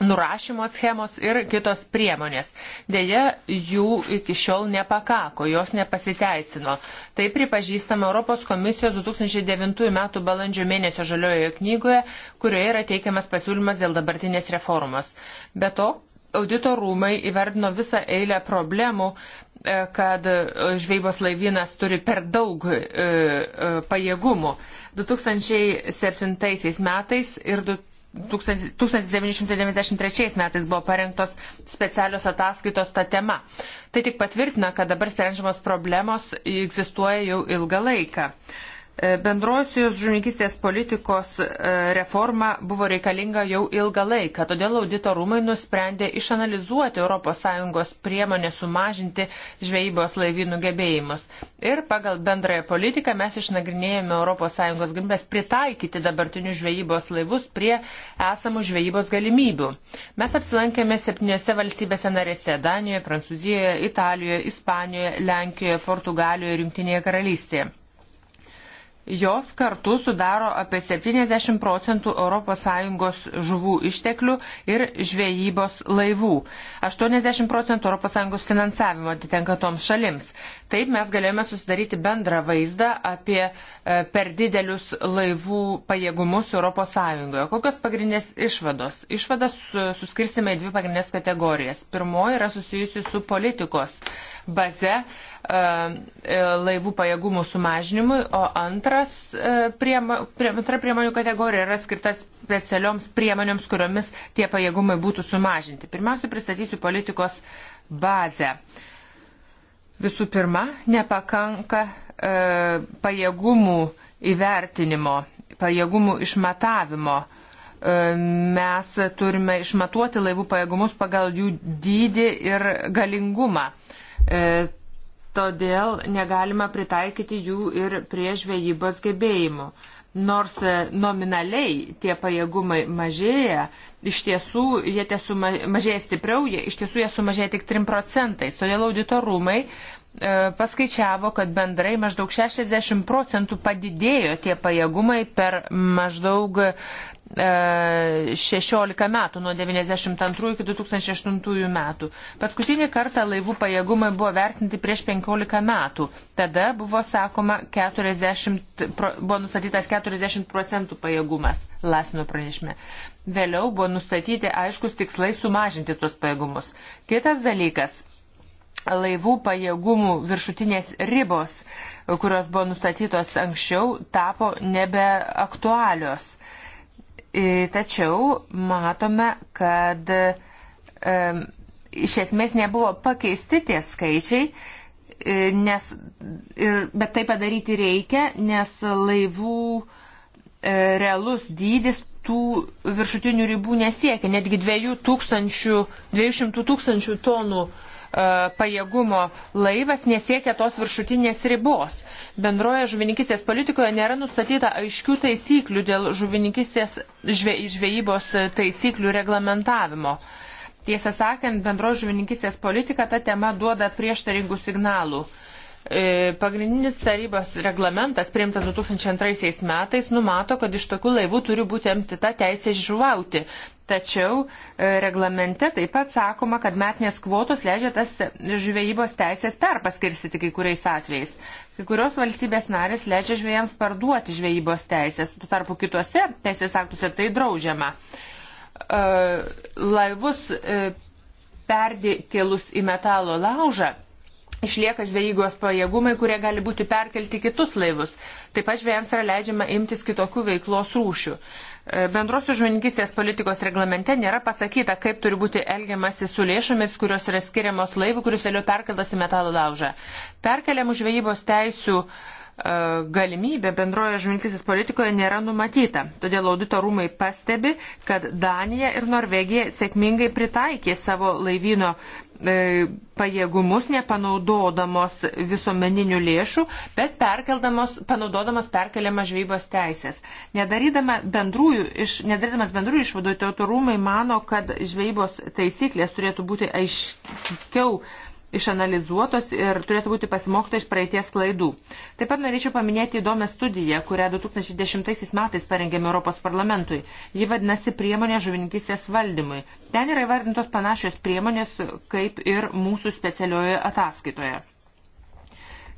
nurašymo schemos ir kitos priemonės. Deja, jų iki šiol nepakako, jos nepasiteisino. Tai pripažįstama Europos komisijos 2009 m. balandžio mėnesio žaliojoje knygoje, kurioje yra teikiamas pasiūlymas dėl dabartinės reformos. Be to, audito rūmai įvardino visą eilę problemų, e, kad e, žvejybos laivynas turi per daug e, pajėgumų. 2007 metais ir 2008 1993 metais buvo parengtos specialios ataskaitos tą temą. Tai tik patvirtina, kad dabar sprendžiamos problemos egzistuoja jau ilgą laiką. Uh, E, bendrosios žuvininkystės politikos e, reforma buvo reikalinga jau ilgą laiką, todėl audito rūmai nusprendė išanalizuoti ES priemonę sumažinti žvejybos laivynų gebėjimus. Ir pagal bendrąją politiką mes išnagrinėjome ES galimybės pritaikyti dabartinius žvejybos laivus prie esamų žvejybos galimybių. Mes apsilankėme septyniose valstybėse narėse - Danijoje, Prancūzijoje, Italijoje, Ispanijoje, Lenkijoje, Portugalijoje ir Junktinėje karalystėje. Jos kartu sudaro apie 70 procentų ES žuvų išteklių ir žvejybos laivų. 80 procentų ES finansavimo atitenka toms šalims. Taip mes galėjome susidaryti bendrą vaizdą apie e, per didelius laivų pajėgumus ES. Kokios pagrindinės išvados? Išvadas suskirsime į dvi pagrindinės kategorijas. Pirmoji yra susijusi su politikos baze e, e, laivų pajėgumų sumažinimui, o antras priemo, prie, antra priemonių kategorija yra skirta specialioms priemonėms, kuriomis tie pajėgumai būtų sumažinti. Pirmiausia, pristatysiu politikos bazę. Uh, Visų pirma, nepakanka e, pajėgumų įvertinimo, pajėgumų išmatavimo. E, mes turime išmatuoti laivų pajėgumus pagal jų dydį ir galingumą. E, todėl negalima pritaikyti jų ir prie žvejybos gebėjimų nors e, nominaliai tie pajėgumai mažėja, iš tiesų jie suma, mažėja stipriau, jie, iš tiesų jie sumažėja tik 3 procentais. Todėl auditorumai e, paskaičiavo, kad bendrai maždaug 60 procentų padidėjo tie pajėgumai per maždaug 16 e, metų, nuo 1992 iki 2008 metų. Paskutinį kartą laivų pajėgumai buvo vertinti prieš 15 metų. Tada buvo sakoma, 40, buvo nustatytas 40 procentų pajėgumas Lasino pranešime. Vėliau buvo nustatyti aiškus tikslai sumažinti tuos pajėgumus. Kitas dalykas laivų pajėgumų viršutinės ribos, kurios buvo nustatytos anksčiau, tapo nebeaktualios. aktualios E, tačiau matome, kad iš esmės nebuvo pakeisti tie skaičiai, e, nes, ir, bet tai padaryti reikia, nes laivų e, realus dydis tų viršutinių ribų nesiekia. Netgi 200 tūkstančių, 200 tūkstančių tonų uh, E, pajėgumo laivas nesiekia tos viršutinės ribos. Bendroje žuvininkistės politikoje nėra nustatyta aiškių taisyklių dėl žuvininkistės žve, žvejybos taisyklių reglamentavimo. Tiesą sakant, bendroje žuvininkistės politika ta tema duoda prieštaringų signalų. Uh, E, pagrindinis tarybos reglamentas, priimtas 2002 metais, numato, kad iš tokių laivų turi būti amtita teisė žuvauti. Tačiau e, reglamente taip pat sakoma, kad metinės kvotos leidžia tas žvejybos teisės perpaskirstyti kai kuriais atvejais. Kai kurios valstybės narės leidžia žvėjams parduoti žvejybos teisės, tu tarpu kitose teisės aktuose tai draudžiama. E, laivus perkėlus į metalo laužą Išlieka žvejygos pajėgumai, kurie gali būti perkelti kitus laivus. Taip pat žvėjams yra leidžiama imtis kitokių veiklos rūšių. E, bendrosios žuvininkystės politikos reglamente nėra pasakyta, kaip turi būti elgiamasi su lėšomis, kurios yra skiriamos laivų, kuris vėliau perkeltas į metalo laužą. Perkeliamų žvejybos teisų uh, E, galimybė bendroje žuvininkistės politikoje nėra numatyta. Todėl audito rūmai pastebi, kad Danija ir Norvegija sėkmingai pritaikė savo laivyno e, pajėgumus, nepanaudodamos visuomeninių lėšų, bet panaudodamos perkeliamas žvejybos teisės. Nedarydama bendrųjų, iš, nedarydamas bendrųjų išvadų, tautų rūmai mano, kad žvejybos taisyklės turėtų būti aiškiau išanalizuotos ir turėtų būti pasimokta iš praeities klaidų. Taip pat norėčiau paminėti įdomią studiją, kurią 2010 metais parengėme Europos parlamentui. Ji vadinasi priemonė žuvininkystės valdymui. Ten yra įvardintos panašios priemonės kaip ir mūsų specialioje ataskaitoje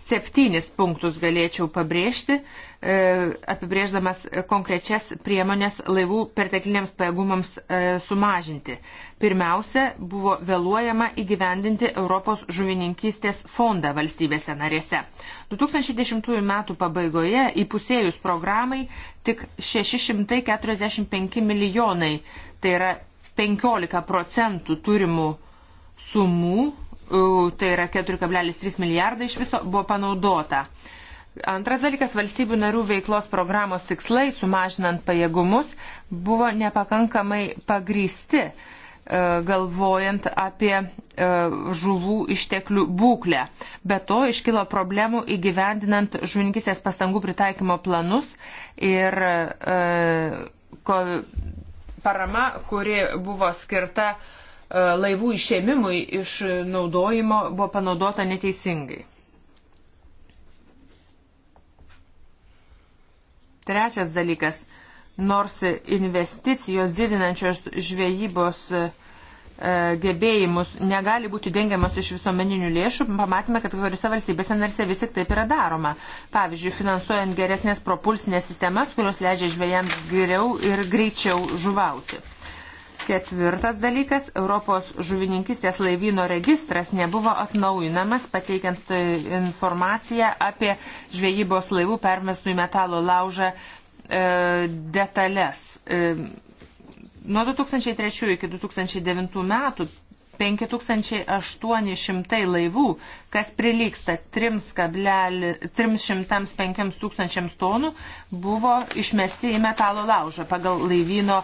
septynis punktus galėčiau pabrėžti, e, apibrėždamas konkrečias priemonės laivų pertekliniams pajėgumams e, sumažinti. Pirmiausia, buvo vėluojama įgyvendinti Europos žuvininkystės fondą valstybėse narėse. 2010 m. pabaigoje įpusėjus programai tik 645 milijonai, tai yra 15 procentų turimų sumų tai yra 4,3 milijardai iš viso, buvo panaudota. Antras dalykas - valstybių narių veiklos programos tikslai, sumažinant pajėgumus, buvo nepakankamai pagrysti, e, galvojant apie e, žuvų išteklių būklę. Be to iškilo problemų įgyvendinant žuvininkisės pastangų pritaikymo planus ir e, parama, kuri buvo skirta uh, E, laivų išėmimui iš naudojimo buvo panaudota neteisingai. Trečias dalykas. Nors investicijos didinančios žvejybos e, gebėjimus negali būti dengiamas iš visuomeninių lėšų, pamatėme, kad kuriuose valstybėse narse vis tik taip yra daroma. Pavyzdžiui, finansuojant geresnės propulsinės sistemas, kurios leidžia žvėjams geriau ir greičiau žuvauti. Ketvirtas dalykas - Europos žuvininkistės laivyno registras nebuvo atnaujinamas, pateikiant e, informaciją apie žvejybos laivų permestų į metalo laužą e, detalės. E, nuo 2003 iki 2009 metų 5800 laivų, kas prilyksta 3,5 tūkstančiams tonų, buvo išmesti į metalo laužą pagal laivyno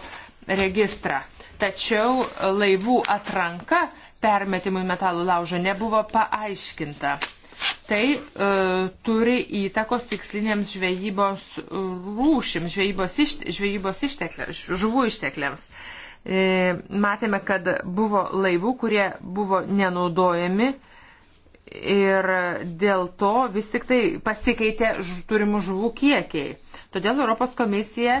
registrą. Tačiau laivų atranka permetimui metalų laužo nebuvo paaiškinta. Tai e, turi įtakos tikslinėms žvejybos rūšims, žvejybos, ište, žvejybos ištekliams, žuvų ištekliams. E, matėme, kad buvo laivų, kurie buvo nenaudojami e, ir dėl to vis tik tai pasikeitė turimų žuvų kiekiai. Todėl Europos komisija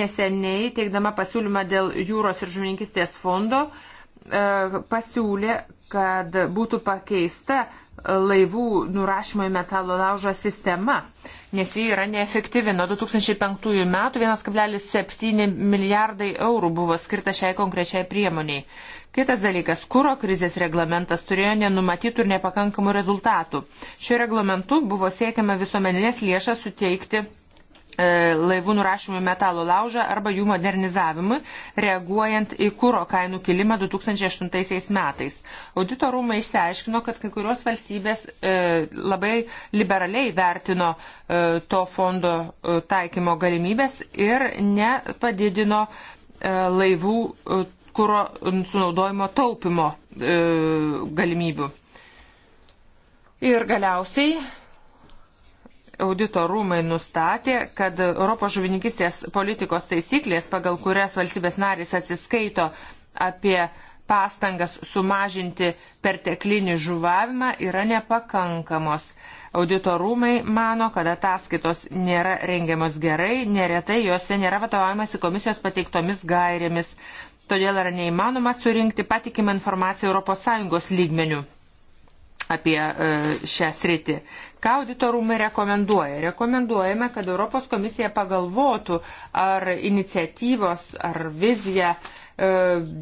neseniai, teikdama pasiūlymą dėl jūros ir žuvininkistės fondo, e, pasiūlė, kad būtų pakeista laivų nurašymo į metalo laužo sistema, nes ji yra neefektyvi. Nuo 2005 metų 1,7 milijardai eurų buvo skirta šiai konkrečiai priemoniai. Kitas dalykas, kūro krizės reglamentas turėjo nenumatytų ir nepakankamų rezultatų. Šiuo reglamentu buvo siekiama visuomeninės lėšas suteikti e, laivų nurašymui metalo laužą arba jų modernizavimui, reaguojant į kūro kainų kilimą 2008 metais. Audito rūmai išsiaiškino, kad kai kurios valstybės e, labai liberaliai vertino e, to fondo e, taikymo galimybės ir nepadidino e, laivų. E, kūro sunaudojimo taupimo e, galimybių. Ir galiausiai audito rūmai nustatė, kad Europos žuvininkistės politikos taisyklės, pagal kurias valstybės narys atsiskaito apie pastangas sumažinti perteklinį žuvavimą yra nepakankamos. Audito rūmai mano, kad ataskaitos nėra rengiamos gerai, neretai juose nėra vadovaujamasi komisijos pateiktomis gairėmis todėl yra neįmanoma surinkti patikimą informaciją ES lygmenių apie e, šią sritį. Ką auditorumai rekomenduoja? Rekomenduojame, kad Europos komisija pagalvotų, ar iniciatyvos, ar vizija uh, E,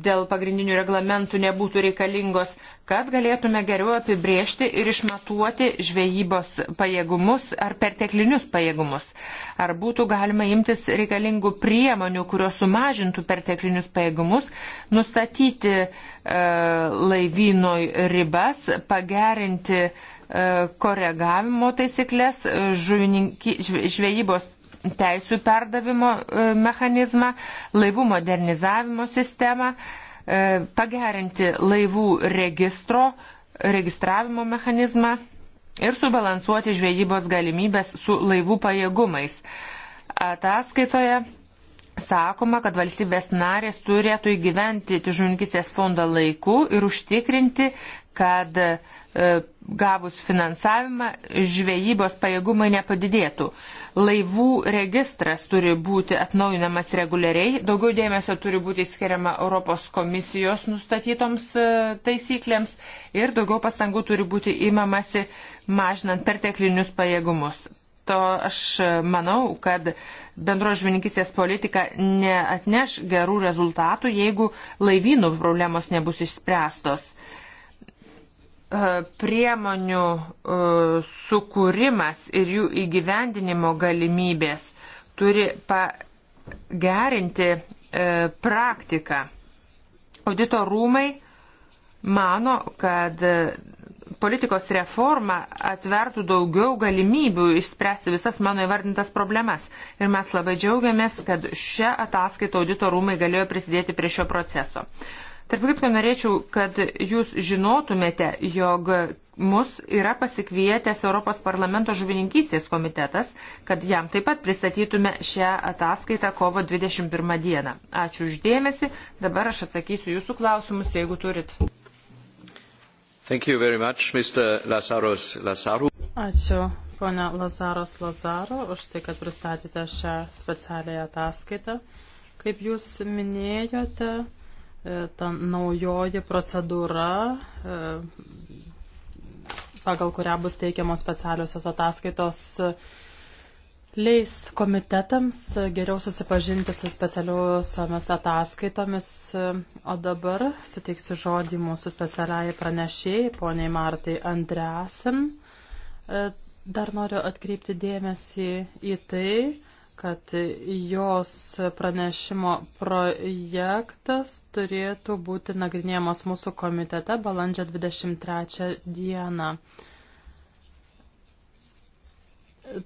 dėl pagrindinių reglamentų nebūtų reikalingos, kad galėtume geriau apibriežti ir išmatuoti žvejybos pajėgumus ar perteklinius pajėgumus. Ar būtų galima imtis reikalingų priemonių, kurios sumažintų perteklinius pajėgumus, nustatyti e, laivyno ribas, pagerinti e, koregavimo taisyklės, žvejybos teisų perdavimo e, mechanizmą, laivų modernizavimo sistemą, e, pagerinti laivų registro, registravimo mechanizmą ir subalansuoti žvejybos galimybės su laivų pajėgumais. Ataskaitoje sakoma, kad valstybės narės turėtų įgyventi tižunkisės fondą laiku ir užtikrinti, kad e, gavus finansavimą žvejybos pajėgumai nepadidėtų. Laivų registras turi būti atnaujinamas reguliariai, daugiau dėmesio turi būti skiriama Europos komisijos nustatytoms e, taisyklėms ir daugiau pasangų turi būti įmamasi mažinant perteklinius pajėgumus. To aš manau, kad bendro žvininkisės politika neatneš gerų rezultatų, jeigu laivynų problemos nebus išspręstos E, priemonių e, sukūrimas ir jų įgyvendinimo galimybės turi pagerinti e, praktiką. Audito rūmai mano, kad politikos reforma atvertų daugiau galimybių išspręsti visas mano įvardintas problemas. Ir mes labai džiaugiamės, kad šią ataskaitą audito rūmai galėjo prisidėti prie šio proceso. Tarp kitko norėčiau, kad jūs žinotumėte, jog mus yra pasikvietęs Europos parlamento žuvininkystės komitetas, kad jam taip pat pristatytume šią ataskaitą kovo 21 dieną. Ačiū uždėmesi, dabar aš atsakysiu jūsų klausimus, jeigu turit. Much, Lazaros, Lazaru. Ačiū, ponia Lazaros Lazaro, už tai, kad pristatėte šią specialią ataskaitą. Kaip jūs minėjote, E, ta naujoji procedūra, e, pagal kurią bus teikiamos specialiosios ataskaitos, leis komitetams geriau susipažinti su specialiosiomis ataskaitomis. O dabar suteiksiu žodį mūsų specialiai pranešėjai, poniai Martai Andreasen. E, dar noriu atkreipti dėmesį į tai, kad jos pranešimo projektas turėtų būti nagrinėjamas mūsų komitete balandžio 23 dieną.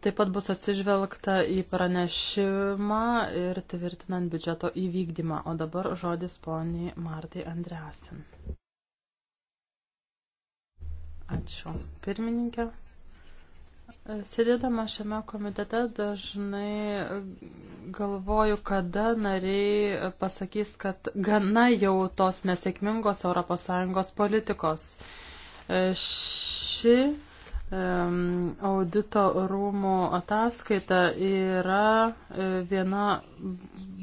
Taip pat bus atsižvelgta į pranešimą ir tvirtinant biudžeto įvykdymą. O dabar žodis poniai Martai Andreasin. Ačiū. Pirmininkė. Sėdėdama šiame komitete dažnai galvoju, kada nariai pasakys, kad gana jau tos nesėkmingos ES politikos. E, ši audito rūmų ataskaita yra e, viena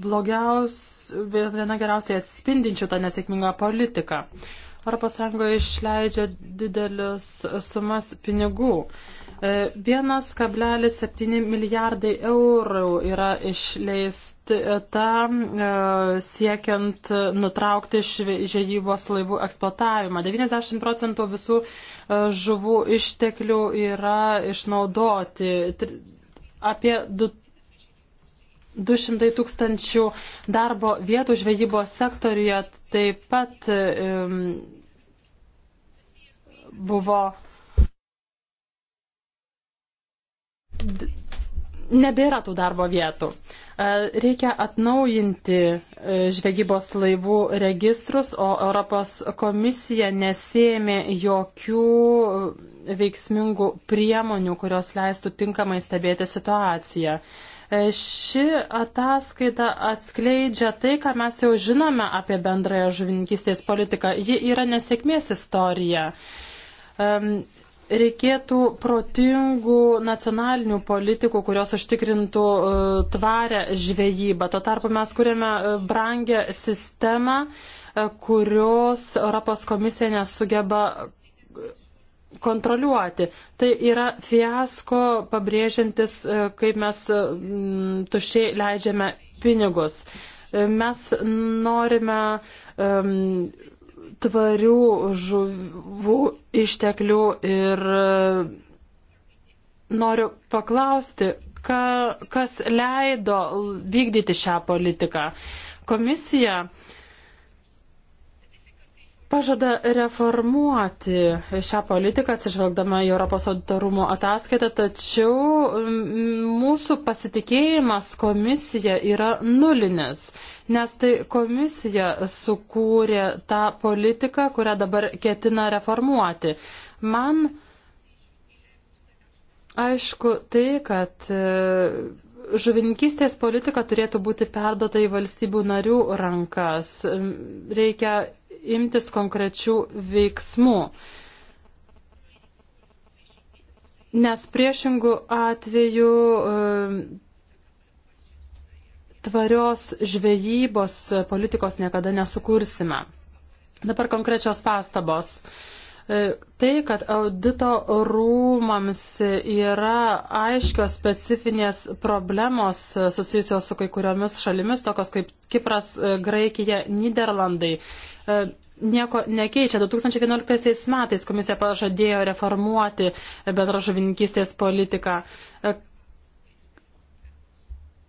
blogiausia, viena geriausiai atspindinčių tą nesėkmingą politiką. ES išleidžia didelius sumas pinigų. 1,7 e, milijardai eurų yra išleisti e, tam e, siekiant nutraukti žvejybos laivų eksploatavimą. 90 procentų visų žuvų išteklių yra išnaudoti. Apie 200 tūkstančių darbo vietų žvejybos sektoriuje taip pat um, buvo nebėra tų darbo vietų. E, reikia atnaujinti e, žvejybos laivų registrus, o Europos komisija nesėmė jokių e, veiksmingų priemonių, kurios leistų tinkamai stebėti situaciją. Ši ataskaita atskleidžia tai, ką mes jau žinome apie bendrąją žuvininkystės politiką. Ji yra nesėkmės istorija reikėtų protingų nacionalinių politikų, kurios užtikrintų e, tvarę žvejybą. Tuo tarpu mes kuriame e, brangę sistemą, e, kurios Europos komisija nesugeba kontroliuoti. Tai yra fiasko pabrėžiantis, kaip mes tušiai leidžiame pinigus. Mes norime um, tvarių žuvų išteklių ir e, noriu paklausti, ka, kas leido vykdyti šią politiką. Komisija pažada reformuoti šią politiką atsižvelgdama į Europos auditorumo ataskaitą, tačiau mūsų pasitikėjimas komisija yra nulinis nes tai komisija sukūrė tą politiką, kurią dabar ketina reformuoti. Man aišku tai, kad e, žuvininkystės politika turėtų būti perdota į valstybių narių rankas. Reikia imtis konkrečių veiksmų. Nes priešingų atveju e, tvarios žvejybos politikos niekada nesukursime. Dabar konkrečios pastabos. E, tai, kad audito rūmams yra aiškios specifinės problemos susijusios su kai kuriomis šalimis, tokios kaip Kipras, e, Graikija, Niderlandai, e, nieko nekeičia. 2011 metais komisija pažadėjo reformuoti bendra žuvininkystės politiką.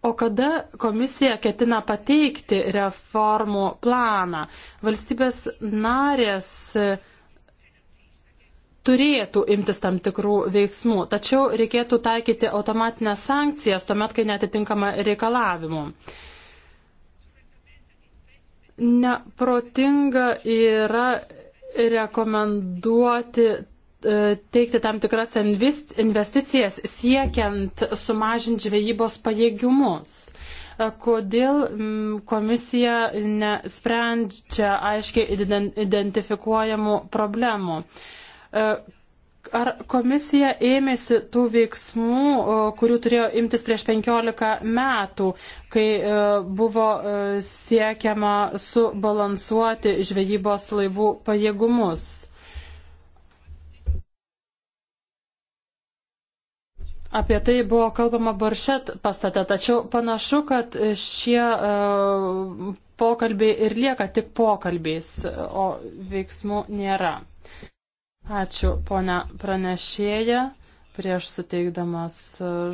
O kada komisija ketina pateikti reformų planą? Valstybės narės e, turėtų imtis tam tikrų veiksmų, tačiau reikėtų taikyti automatinės sankcijas, tuomet, kai netitinkama reikalavimu. Neprotinga yra rekomenduoti E, teikti tam tikras investicijas siekiant sumažinti žvejybos pajėgiumus. E, kodėl komisija nesprendžia aiškiai identifikuojamų problemų? E, ar komisija ėmėsi tų veiksmų, kurių turėjo imtis prieš 15 metų, kai buvo siekiama subalansuoti žvejybos laivų pajėgumus? Apie tai buvo kalbama Boršet pastate, tačiau panašu, kad šie uh, pokalbiai ir lieka tik pokalbiais, o veiksmų nėra. Ačiū, ponia pranešėja. Prieš suteikdamas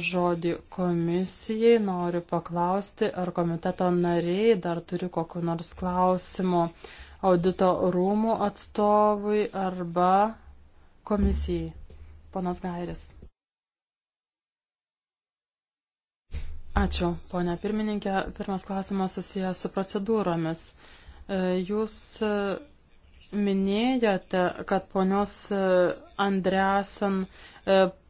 žodį komisijai noriu paklausti, ar komiteto nariai dar turi kokiu nors klausimu audito rūmų atstovui arba komisijai. Ponas Gairis. Ačiū, ponia pirmininkė. Pirmas klausimas susijęs su procedūromis. E, jūs e, minėjote, kad ponios e, Andreasan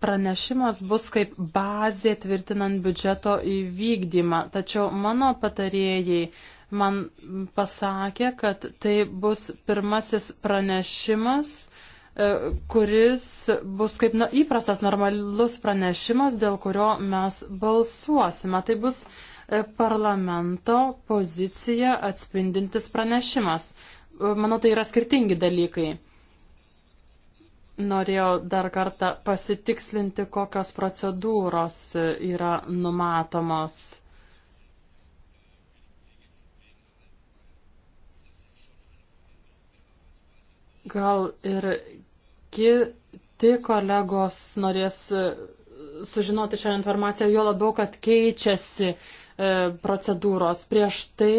pranešimas bus kaip bazė tvirtinant biudžeto įvykdymą. Tačiau mano patarėjai man pasakė, kad tai bus pirmasis pranešimas, E, kuris bus kaip na, įprastas normalus pranešimas, dėl kurio mes balsuosime. Tai bus e, parlamento pozicija atspindintis pranešimas. E, manau, tai yra skirtingi dalykai. Norėjau dar kartą pasitikslinti, kokios procedūros yra numatomos. Gal ir kiti kolegos norės e, sužinoti šią informaciją, jo labiau, kad keičiasi e, procedūros. Prieš tai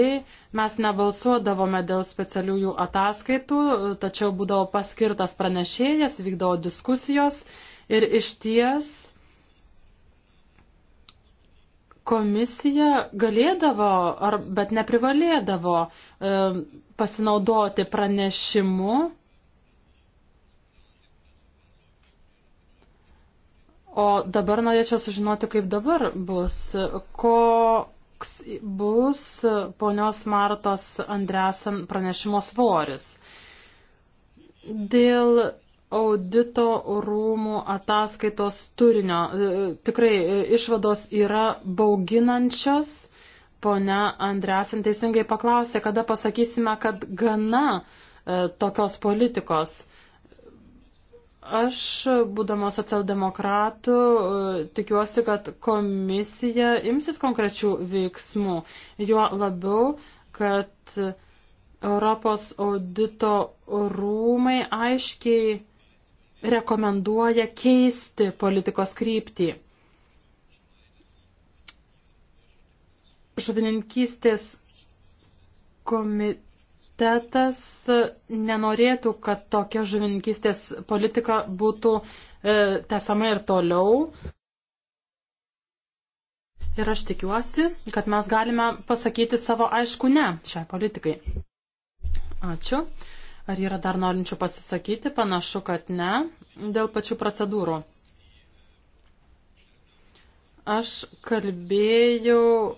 mes nebalsuodavome dėl specialiųjų ataskaitų, tačiau būdavo paskirtas pranešėjas, vykdavo diskusijos ir iš ties komisija galėdavo, ar, bet neprivalėdavo e, pasinaudoti pranešimu O dabar norėčiau sužinoti, kaip dabar bus. Koks bus ponios Martos Andresan pranešimo svoris? Dėl audito rūmų ataskaitos turinio. E, tikrai e, išvados yra bauginančios. Pone Andresan teisingai paklausė, kada pasakysime, kad gana e, tokios politikos. Aš, būdama socialdemokratų, tikiuosi, kad komisija imsis konkrečių veiksmų. Juo labiau, kad Europos audito rūmai aiškiai rekomenduoja keisti politikos kryptį. Žuvininkystės komitetas komitetas nenorėtų, kad tokia žuvininkystės politika būtų e, tesama ir toliau. Ir aš tikiuosi, kad mes galime pasakyti savo aišku ne šiai politikai. Ačiū. Ar yra dar norinčių pasisakyti? Panašu, kad ne. Dėl pačių procedūrų. Aš kalbėjau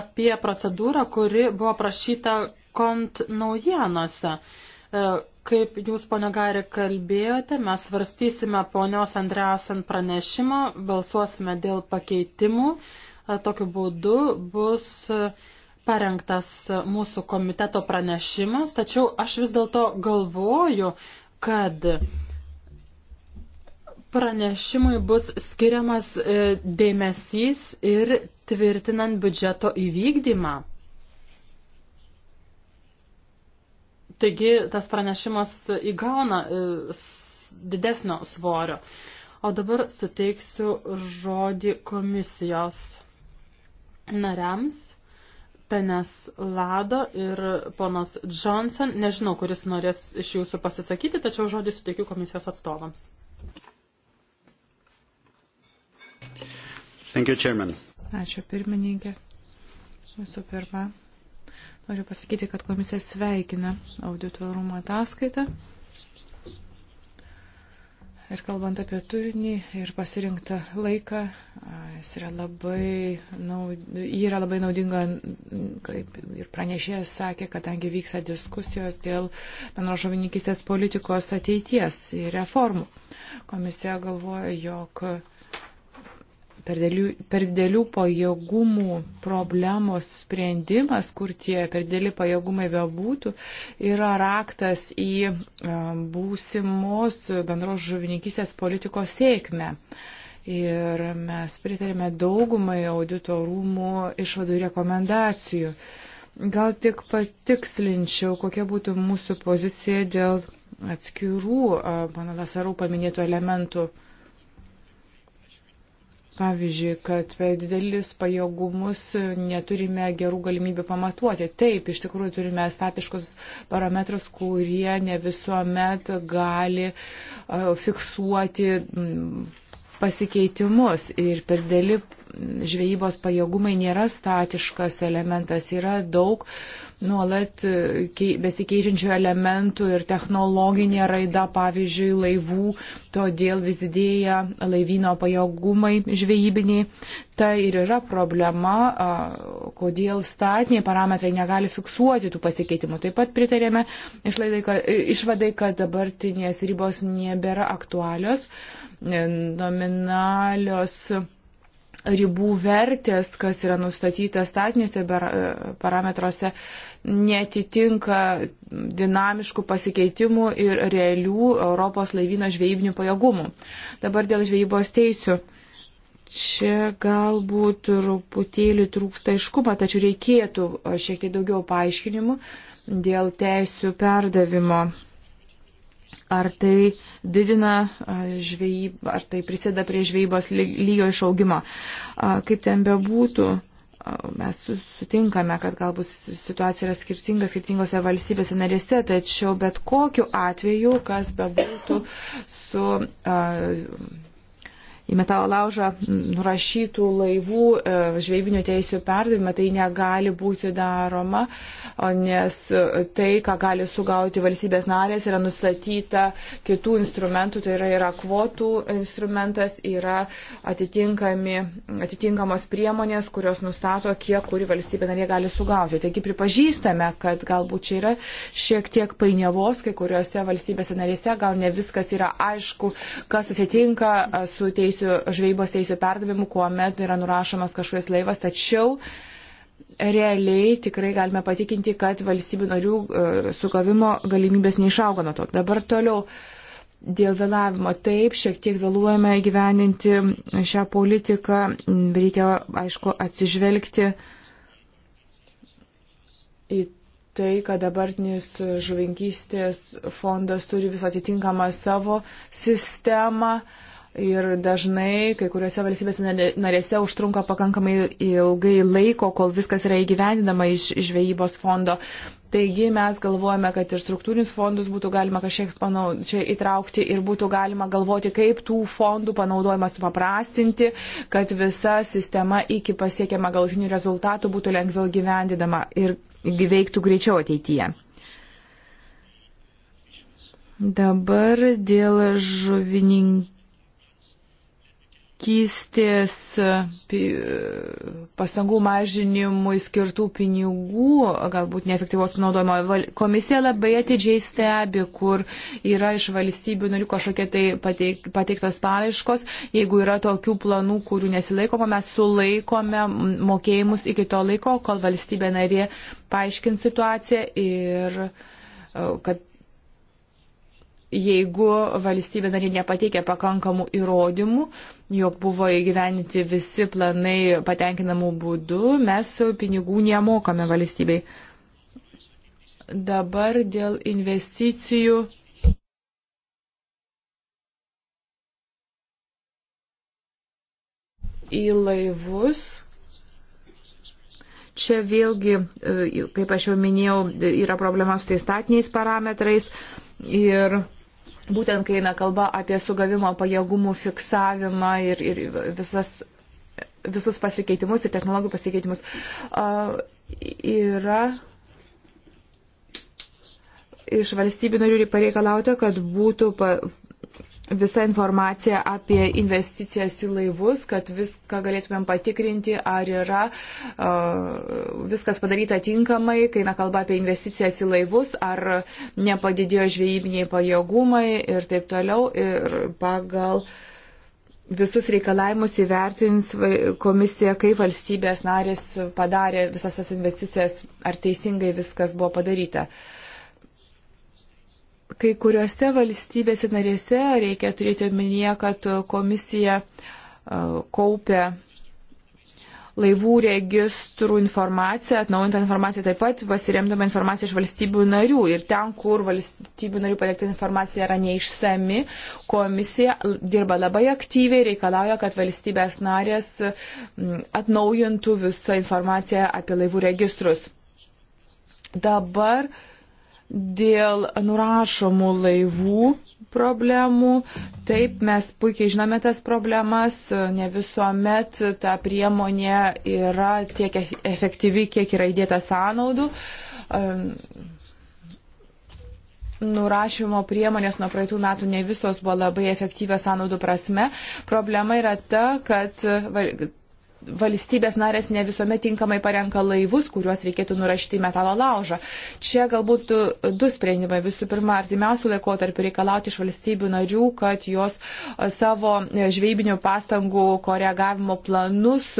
apie procedūrą, kuri buvo prašyta kont naujienose. E, kaip jūs, ponia Gari, kalbėjote, mes svarstysime ponios Andreasen pranešimą, balsuosime dėl pakeitimų. E, tokiu būdu bus e, parengtas mūsų komiteto pranešimas, tačiau aš vis dėlto galvoju, kad pranešimui bus skiriamas dėmesys ir tvirtinant biudžeto įvykdymą. Taigi tas pranešimas įgauna e, didesnio svorio. O dabar suteiksiu žodį komisijos nariams. Penes Lado ir ponas Johnson. Nežinau, kuris norės iš jūsų pasisakyti, tačiau žodį suteikiu komisijos atstovams. Thank you, chairman. Ačiū pirmininkė. Visų pirma, Noriu pasakyti, kad komisija sveikina auditorumo ataskaitą. Ir kalbant apie turinį ir pasirinktą laiką, jis yra labai, naud... jį yra labai naudinga, kaip ir pranešėjas sakė, kadangi vyksta diskusijos dėl bendrožovininkistės politikos ateities ir reformų. Komisija galvoja, jog per dėlių, per dėlių pajėgumų problemos sprendimas, kur tie per dėlį pajėgumai bebūtų, yra raktas į e, būsimos bendros žuvininkystės politikos sėkmę. Ir mes pritarėme daugumai audito rūmų išvadų rekomendacijų. Gal tik patikslinčiau, kokia būtų mūsų pozicija dėl atskirų, e, mano lasarų paminėtų elementų. Pavyzdžiui, kad per didelis pajėgumus neturime gerų galimybių pamatuoti. Taip, iš tikrųjų turime statiškus parametrus, kurie ne visuomet gali e, fiksuoti mm, pasikeitimus. Ir per dideli mm, žvejybos pajėgumai nėra statiškas elementas, yra daug uh, nuolat e, besikeičiančių elementų ir technologinė raida, pavyzdžiui, laivų, todėl vis didėja laivyno pajėgumai žvejybiniai. Tai ir yra problema, kodėl statiniai parametrai negali fiksuoti tų pasikeitimų. Taip pat pritarėme išlaidai, kad, e, išvadai, kad dabartinės ribos nebėra aktualios, e, nominalios ribų vertės, kas yra nustatyta statiniuose parametruose, netitinka dinamiškų pasikeitimų ir realių Europos laivyno žvejybinių pajėgumų. Dabar dėl žvejybos teisių. Čia galbūt truputėlį trūksta iškumą, tačiau reikėtų šiek tiek daugiau paaiškinimų dėl teisių perdavimo. Ar tai uh, didina žvejybą, ar tai prisėda prie žvejybos lygio išaugimo. Kaip ten bebūtų, mes sutinkame, kad galbūt situacija yra skirtinga skirtingose valstybėse narėse, tačiau bet kokiu atveju, kas bebūtų su. Uh, į metalo laužą nurašytų laivų e, žvejybinių teisų perdavimą, tai negali būti daroma, nes tai, ką gali sugauti valstybės narės, yra nustatyta kitų instrumentų, tai yra, yra kvotų instrumentas, yra atitinkamos priemonės, kurios nustato, kiek kuri valstybė narė gali sugauti. Taigi pripažįstame, kad galbūt čia yra šiek tiek painiavos, kai kuriuose valstybėse narėse gal ne viskas yra aišku, kas atsitinka e, su teisų teisių, žvejybos teisių perdavimu, kuomet yra nurašomas kažkoks laivas, tačiau realiai tikrai galime patikinti, kad valstybių narių e, sugavimo galimybės neišaugo nuo to. Dabar toliau. Dėl vėlavimo taip, šiek tiek vėluojame gyveninti šią politiką, reikia, aišku, atsižvelgti į tai, kad dabartinis žuvinkystės fondas turi vis atitinkamą savo sistemą. Uh, Ir dažnai kai kuriuose valstybės narėse užtrunka pakankamai ilgai laiko, kol viskas yra įgyvendinama iš žvejybos fondo. Taigi mes galvojame, kad ir struktūrinius fondus būtų galima kažkiek panau, čia įtraukti ir būtų galima galvoti, kaip tų fondų panaudojimą supaprastinti, kad visa sistema iki pasiekiama galutinių rezultatų būtų lengviau gyvendinama ir veiktų greičiau ateityje. Dabar dėl žuvininkų bankininkystės pasangų mažinimui skirtų pinigų, galbūt neefektyvos naudojimo. Komisija labai atidžiai stebi, kur yra iš valstybių narių kažkokie tai pateik, pateiktos paraiškos. Jeigu yra tokių planų, kurių nesilaikoma, mes sulaikome mokėjimus iki to laiko, kol valstybė narė paaiškins situaciją ir e, kad jeigu valstybė narė nepateikė pakankamų įrodymų, jog buvo įgyveninti visi planai patenkinamų būdų, mes pinigų nemokame valstybei. Dabar dėl investicijų. Į laivus, čia vėlgi, e, kaip aš jau minėjau, yra problema su tais statiniais parametrais ir būtent kai eina kalba apie sugavimo pajėgumų fiksavimą ir, ir visas, visus pasikeitimus ir technologijų pasikeitimus, uh, yra iš valstybių narių pareikalauta, kad būtų pa, visą informaciją apie investicijas į laivus, kad viską galėtumėm patikrinti, ar yra uh, viskas padaryta tinkamai, kai na kalba apie investicijas į laivus, ar nepadidėjo žvejybiniai pajėgumai ir taip toliau. Ir pagal visus reikalavimus įvertins komisija, kaip valstybės narės padarė visas tas investicijas, ar teisingai viskas buvo padaryta. Uh, kai kuriuose valstybėse narėse reikia turėti omenyje, kad komisija kaupia laivų registrų informaciją, atnaujintą informaciją taip pat, pasiremdama informaciją iš valstybių narių. Ir ten, kur valstybių narių patekta informacija yra neišsami, komisija dirba labai aktyviai, reikalauja, kad valstybės narės atnaujintų visą informaciją apie laivų registrus. Dabar uh, dėl nurašomų laivų problemų. Taip, mes puikiai žinome tas problemas, ne visuomet ta priemonė yra tiek e- efektyvi, kiek yra įdėta sąnaudų. Nurašymo priemonės nuo praeitų metų ne visos buvo labai efektyvios sąnaudų prasme. Problema yra ta, kad valstybės narės ne visuomet tinkamai parenka laivus, kuriuos reikėtų nurašti į metalo laužą. Čia galbūt du sprendimai. Visų pirma, artimiausių laikotarpių reikalauti iš valstybių narių, kad jos savo žvejybinių pastangų koregavimo planus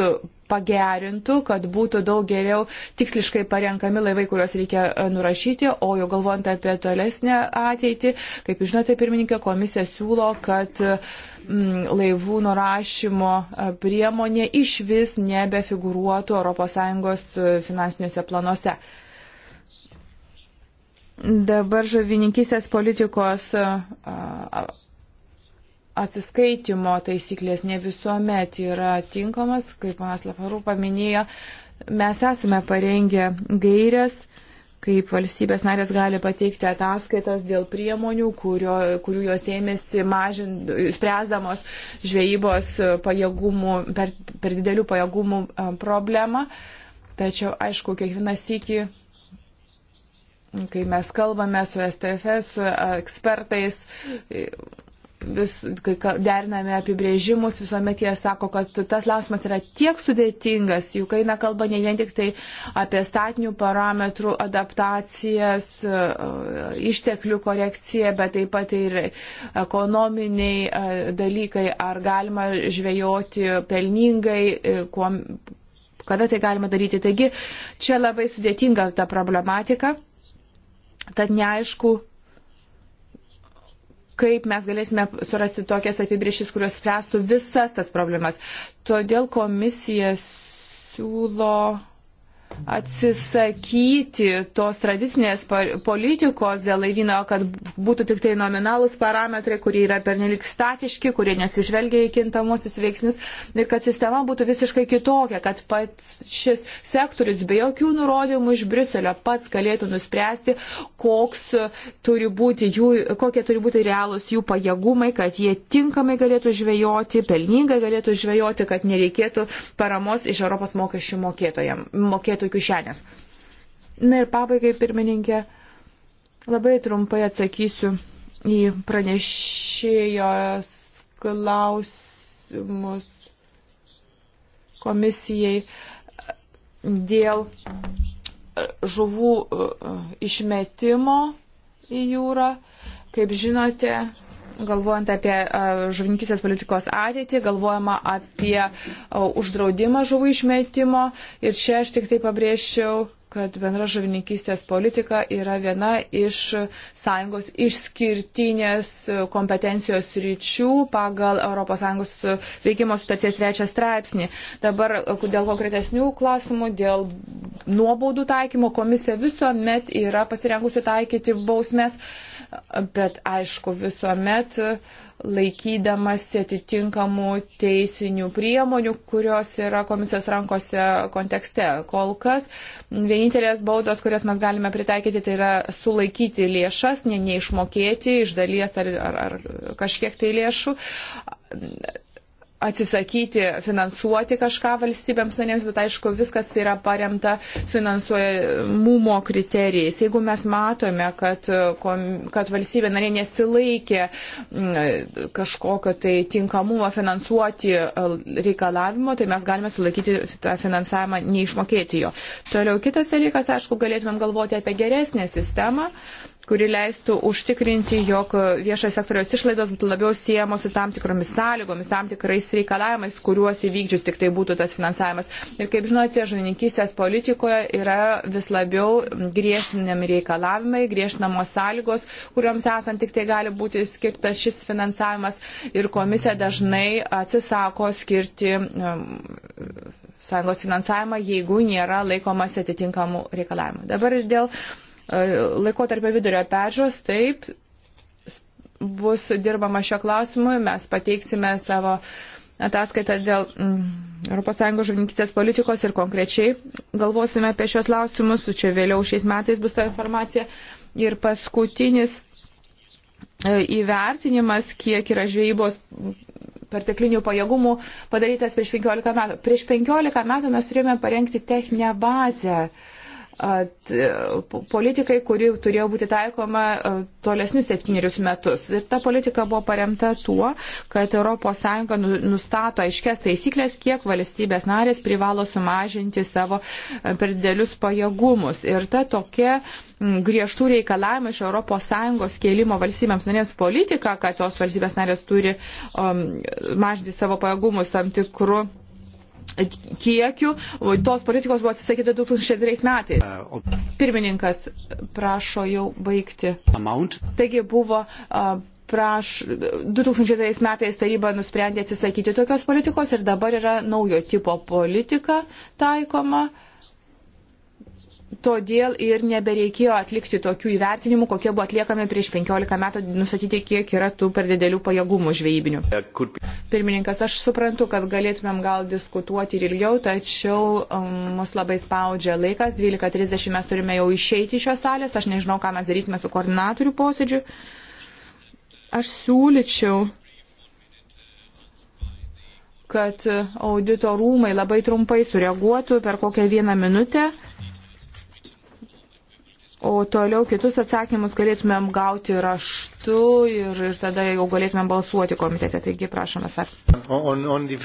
pagerintų, kad būtų daug geriau tiksliškai parenkami laivai, kuriuos reikia e, nurašyti, o jau galvojant apie tolesnę ateitį, kaip žinote, pirmininkė komisija siūlo, kad e, laivų nurašymo e, priemonė iš vis nebefiguruotų ES finansiniuose planuose. Dabar žuvininkysės politikos atsiskaitimo taisyklės ne visuomet yra tinkamas, kaip panas Laparų paminėjo, mes esame parengę gairias kaip valstybės narės gali pateikti ataskaitas dėl priemonių, kurio, kurių jos ėmėsi mažint, spręsdamos žvejybos pajėgumų, per, per didelių pajėgumų problemą. Tačiau, aišku, kiekvienas iki, kai mes kalbame su STF, su ekspertais, vis, kai deriname apibrėžimus, visuomet jie sako, kad tas lausimas yra tiek sudėtingas, juk eina kalba ne vien tik tai apie statinių parametrų adaptacijas, e, išteklių korekciją, bet taip pat ir ekonominiai e, dalykai, ar galima žvejoti pelningai, e, kuo, kada tai galima daryti. Taigi čia labai sudėtinga ta problematika, tad neaišku, kaip mes galėsime surasti tokias apibriešis, kurios spręstų visas tas problemas. Todėl komisija siūlo atsisakyti tos tradicinės politikos dėl laivyno, kad būtų tik tai nominalus parametrai, kurie yra pernelik statiški, kurie nesižvelgia į kintamusius veiksnius ir kad sistema būtų visiškai kitokia, kad pats šis sektorius be jokių nurodymų iš Briuselio pats galėtų nuspręsti, turi jų, kokie turi būti realūs jų pajėgumai, kad jie tinkamai galėtų žvejoti, pelningai galėtų žvejoti, kad nereikėtų paramos iš Europos mokesčių mokėtojams. Mokėtojams mokėtojų kišenės. Na ir pabaigai, pirmininkė, labai trumpai atsakysiu į pranešėjos klausimus komisijai dėl žuvų e, e, išmetimo į jūrą. Kaip žinote, galvojant apie žuvininkistės politikos ateitį, galvojama apie uždraudimą žuvų išmetimo. Ir čia aš tik tai pabrėžčiau kad bendra žuvininkystės politika yra viena iš sąjungos išskirtinės kompetencijos ryčių pagal ES veikimo sutarties trečią straipsnį. Dabar e, dėl konkretesnių klausimų, dėl nuobaudų taikymo komisija visuomet yra pasirengusi taikyti bausmės, bet aišku visuomet laikydamasi atitinkamų teisinių priemonių, kurios yra komisijos rankose kontekste. Kol kas vienintelės baudos, kurias mes galime pritaikyti, tai yra sulaikyti lėšas, ne, neišmokėti iš dalies ar, ar, ar kažkiek tai lėšų atsisakyti finansuoti kažką valstybėms narėms, bet aišku, viskas yra paremta finansuojamumo kriterijais. Jeigu mes matome, kad, kad valstybė narė nesilaikė kažkokio tai tinkamumo finansuoti e, reikalavimo, tai mes galime sulaikyti tą finansavimą, neišmokėti jo. Toliau kitas dalykas, aišku, galėtumėm galvoti apie geresnę sistemą, kuri leistų užtikrinti, jog viešojo sektoriaus išlaidos būtų labiau siejamos su tam tikromis sąlygomis, tam tikrais reikalavimais, kuriuos įvykdžius tik tai būtų tas finansavimas. Ir kaip žinote, žuvininkystės politikoje yra vis labiau griežtinami reikalavimai, griežtinamos sąlygos, kuriuoms esant tik tai gali būti skirtas šis finansavimas ir komisija dažnai atsisako skirti um, sąjungos finansavimą, jeigu nėra laikomas atitinkamų reikalavimų. Dabar ir dėl uh, E, laiko tarp vidurio peržos, taip, bus dirbama šio klausimu, mes pateiksime savo ataskaitą dėl mm, ES žuvininkistės politikos ir konkrečiai galvosime apie šios klausimus, čia vėliau šiais metais bus ta informacija. Ir paskutinis e, įvertinimas, kiek yra žvejybos perteklinių pajėgumų padarytas prieš 15 metų. Prieš 15 metų mes turėjome parengti techninę bazę. Uh, E, politikai, kuri turėjo būti taikoma e, tolesnius septynerius metus. Ir ta politika buvo paremta tuo, kad ES nu, nustato aiškias taisyklės, kiek valstybės narės privalo sumažinti savo e, per didelius pajėgumus. Ir ta tokia griežtų reikalavimų iš ES kėlimo valstybėms narės politika, kad tos valstybės narės turi um, mažinti savo pajėgumus tam tikrų kiekiu. Tos politikos buvo atsisakyta 2004 metais. Pirmininkas prašo jau baigti. Amount. Taigi buvo. Praš, 2003 metais taryba nusprendė atsisakyti tokios politikos ir dabar yra naujo tipo politika taikoma. Uh, todėl ir nebereikėjo atlikti tokių įvertinimų, kokie buvo atliekami prieš 15 metų, nustatyti, kiek yra tų per didelių pajėgumų žvejybinių. Pirmininkas, aš suprantu, kad galėtumėm gal diskutuoti ir ilgiau, tačiau um, mus labai spaudžia laikas. 12.30 mes turime jau išeiti iš šios salės. Aš nežinau, ką mes darysime su koordinatorių posėdžiu. Aš siūlyčiau kad audito rūmai labai trumpai sureaguotų per kokią vieną minutę O toliau kitus atsakymus galėtumėm gauti raštu ir, ir tada jau galėtumėm balsuoti komitete. Taigi prašom, Asar.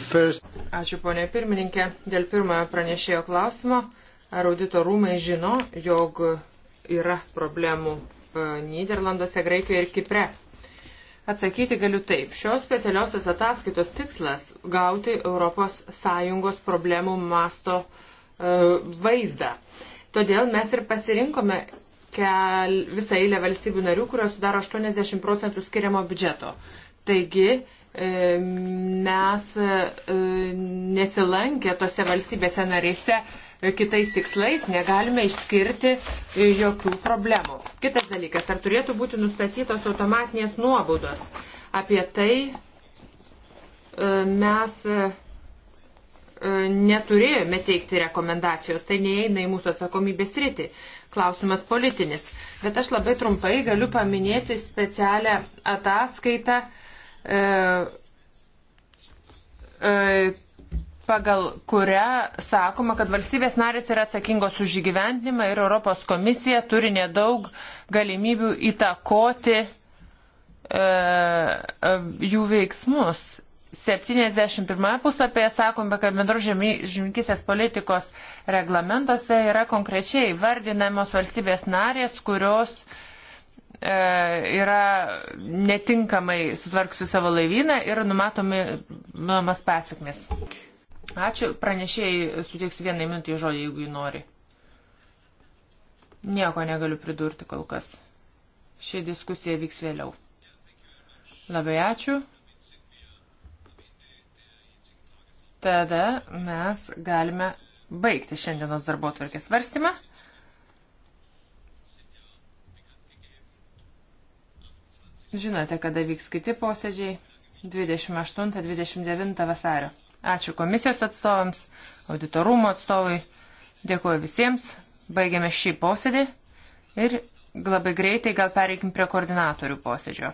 First... Ačiū, ponė pirmininkė. Dėl pirmojo pranešėjo klausimo, ar audito rūmai žino, jog yra problemų e, Niderlanduose, Graikijoje ir Kipre? Atsakyti galiu taip. Šios specialiosios ataskaitos tikslas - gauti ES problemų masto e, vaizdą. E, Todėl mes ir pasirinkome kel, visą eilę valstybių narių, kurios sudaro 80 procentų skiriamo biudžeto. Taigi e, mes e, nesilankę tose valstybėse narėse e, kitais tikslais, negalime išskirti jokių problemų. Kitas dalykas, ar turėtų būti nustatytos automatinės nuobaudos. Apie tai mes E, neturėjome teikti rekomendacijos, tai neįeina į mūsų atsakomybės rytį. Klausimas politinis. Bet aš labai trumpai galiu paminėti specialią ataskaitą e, e, pagal kurią sakoma, kad valstybės narės yra atsakingos už įgyvendinimą ir Europos komisija turi nedaug galimybių įtakoti e, e jų veiksmus. 71 puslapyje sakome, kad bendro žemininkysės politikos reglamentuose yra konkrečiai vardinamos valstybės narės, kurios e, yra netinkamai sutvarksiu savo laivyną ir numatomas pasiekmes. Ačiū, pranešėjai suteiksiu vienai minutį žodį, jeigu jį nori. Nieko negaliu pridurti kol kas. Ši diskusija vyks vėliau. Labai ačiū. tada mes galime baigti šiandienos darbo tvarkės svarstymą. Žinote, kada vyks kiti posėdžiai 28-29 vasario. Ačiū komisijos atstovams, auditorumo atstovui. Dėkuoju visiems. Baigiame šį posėdį ir labai greitai gal pereikim prie koordinatorių posėdžio.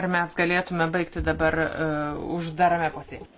Ar mes galėtume baigti dabar uh, uždarame posėdėje?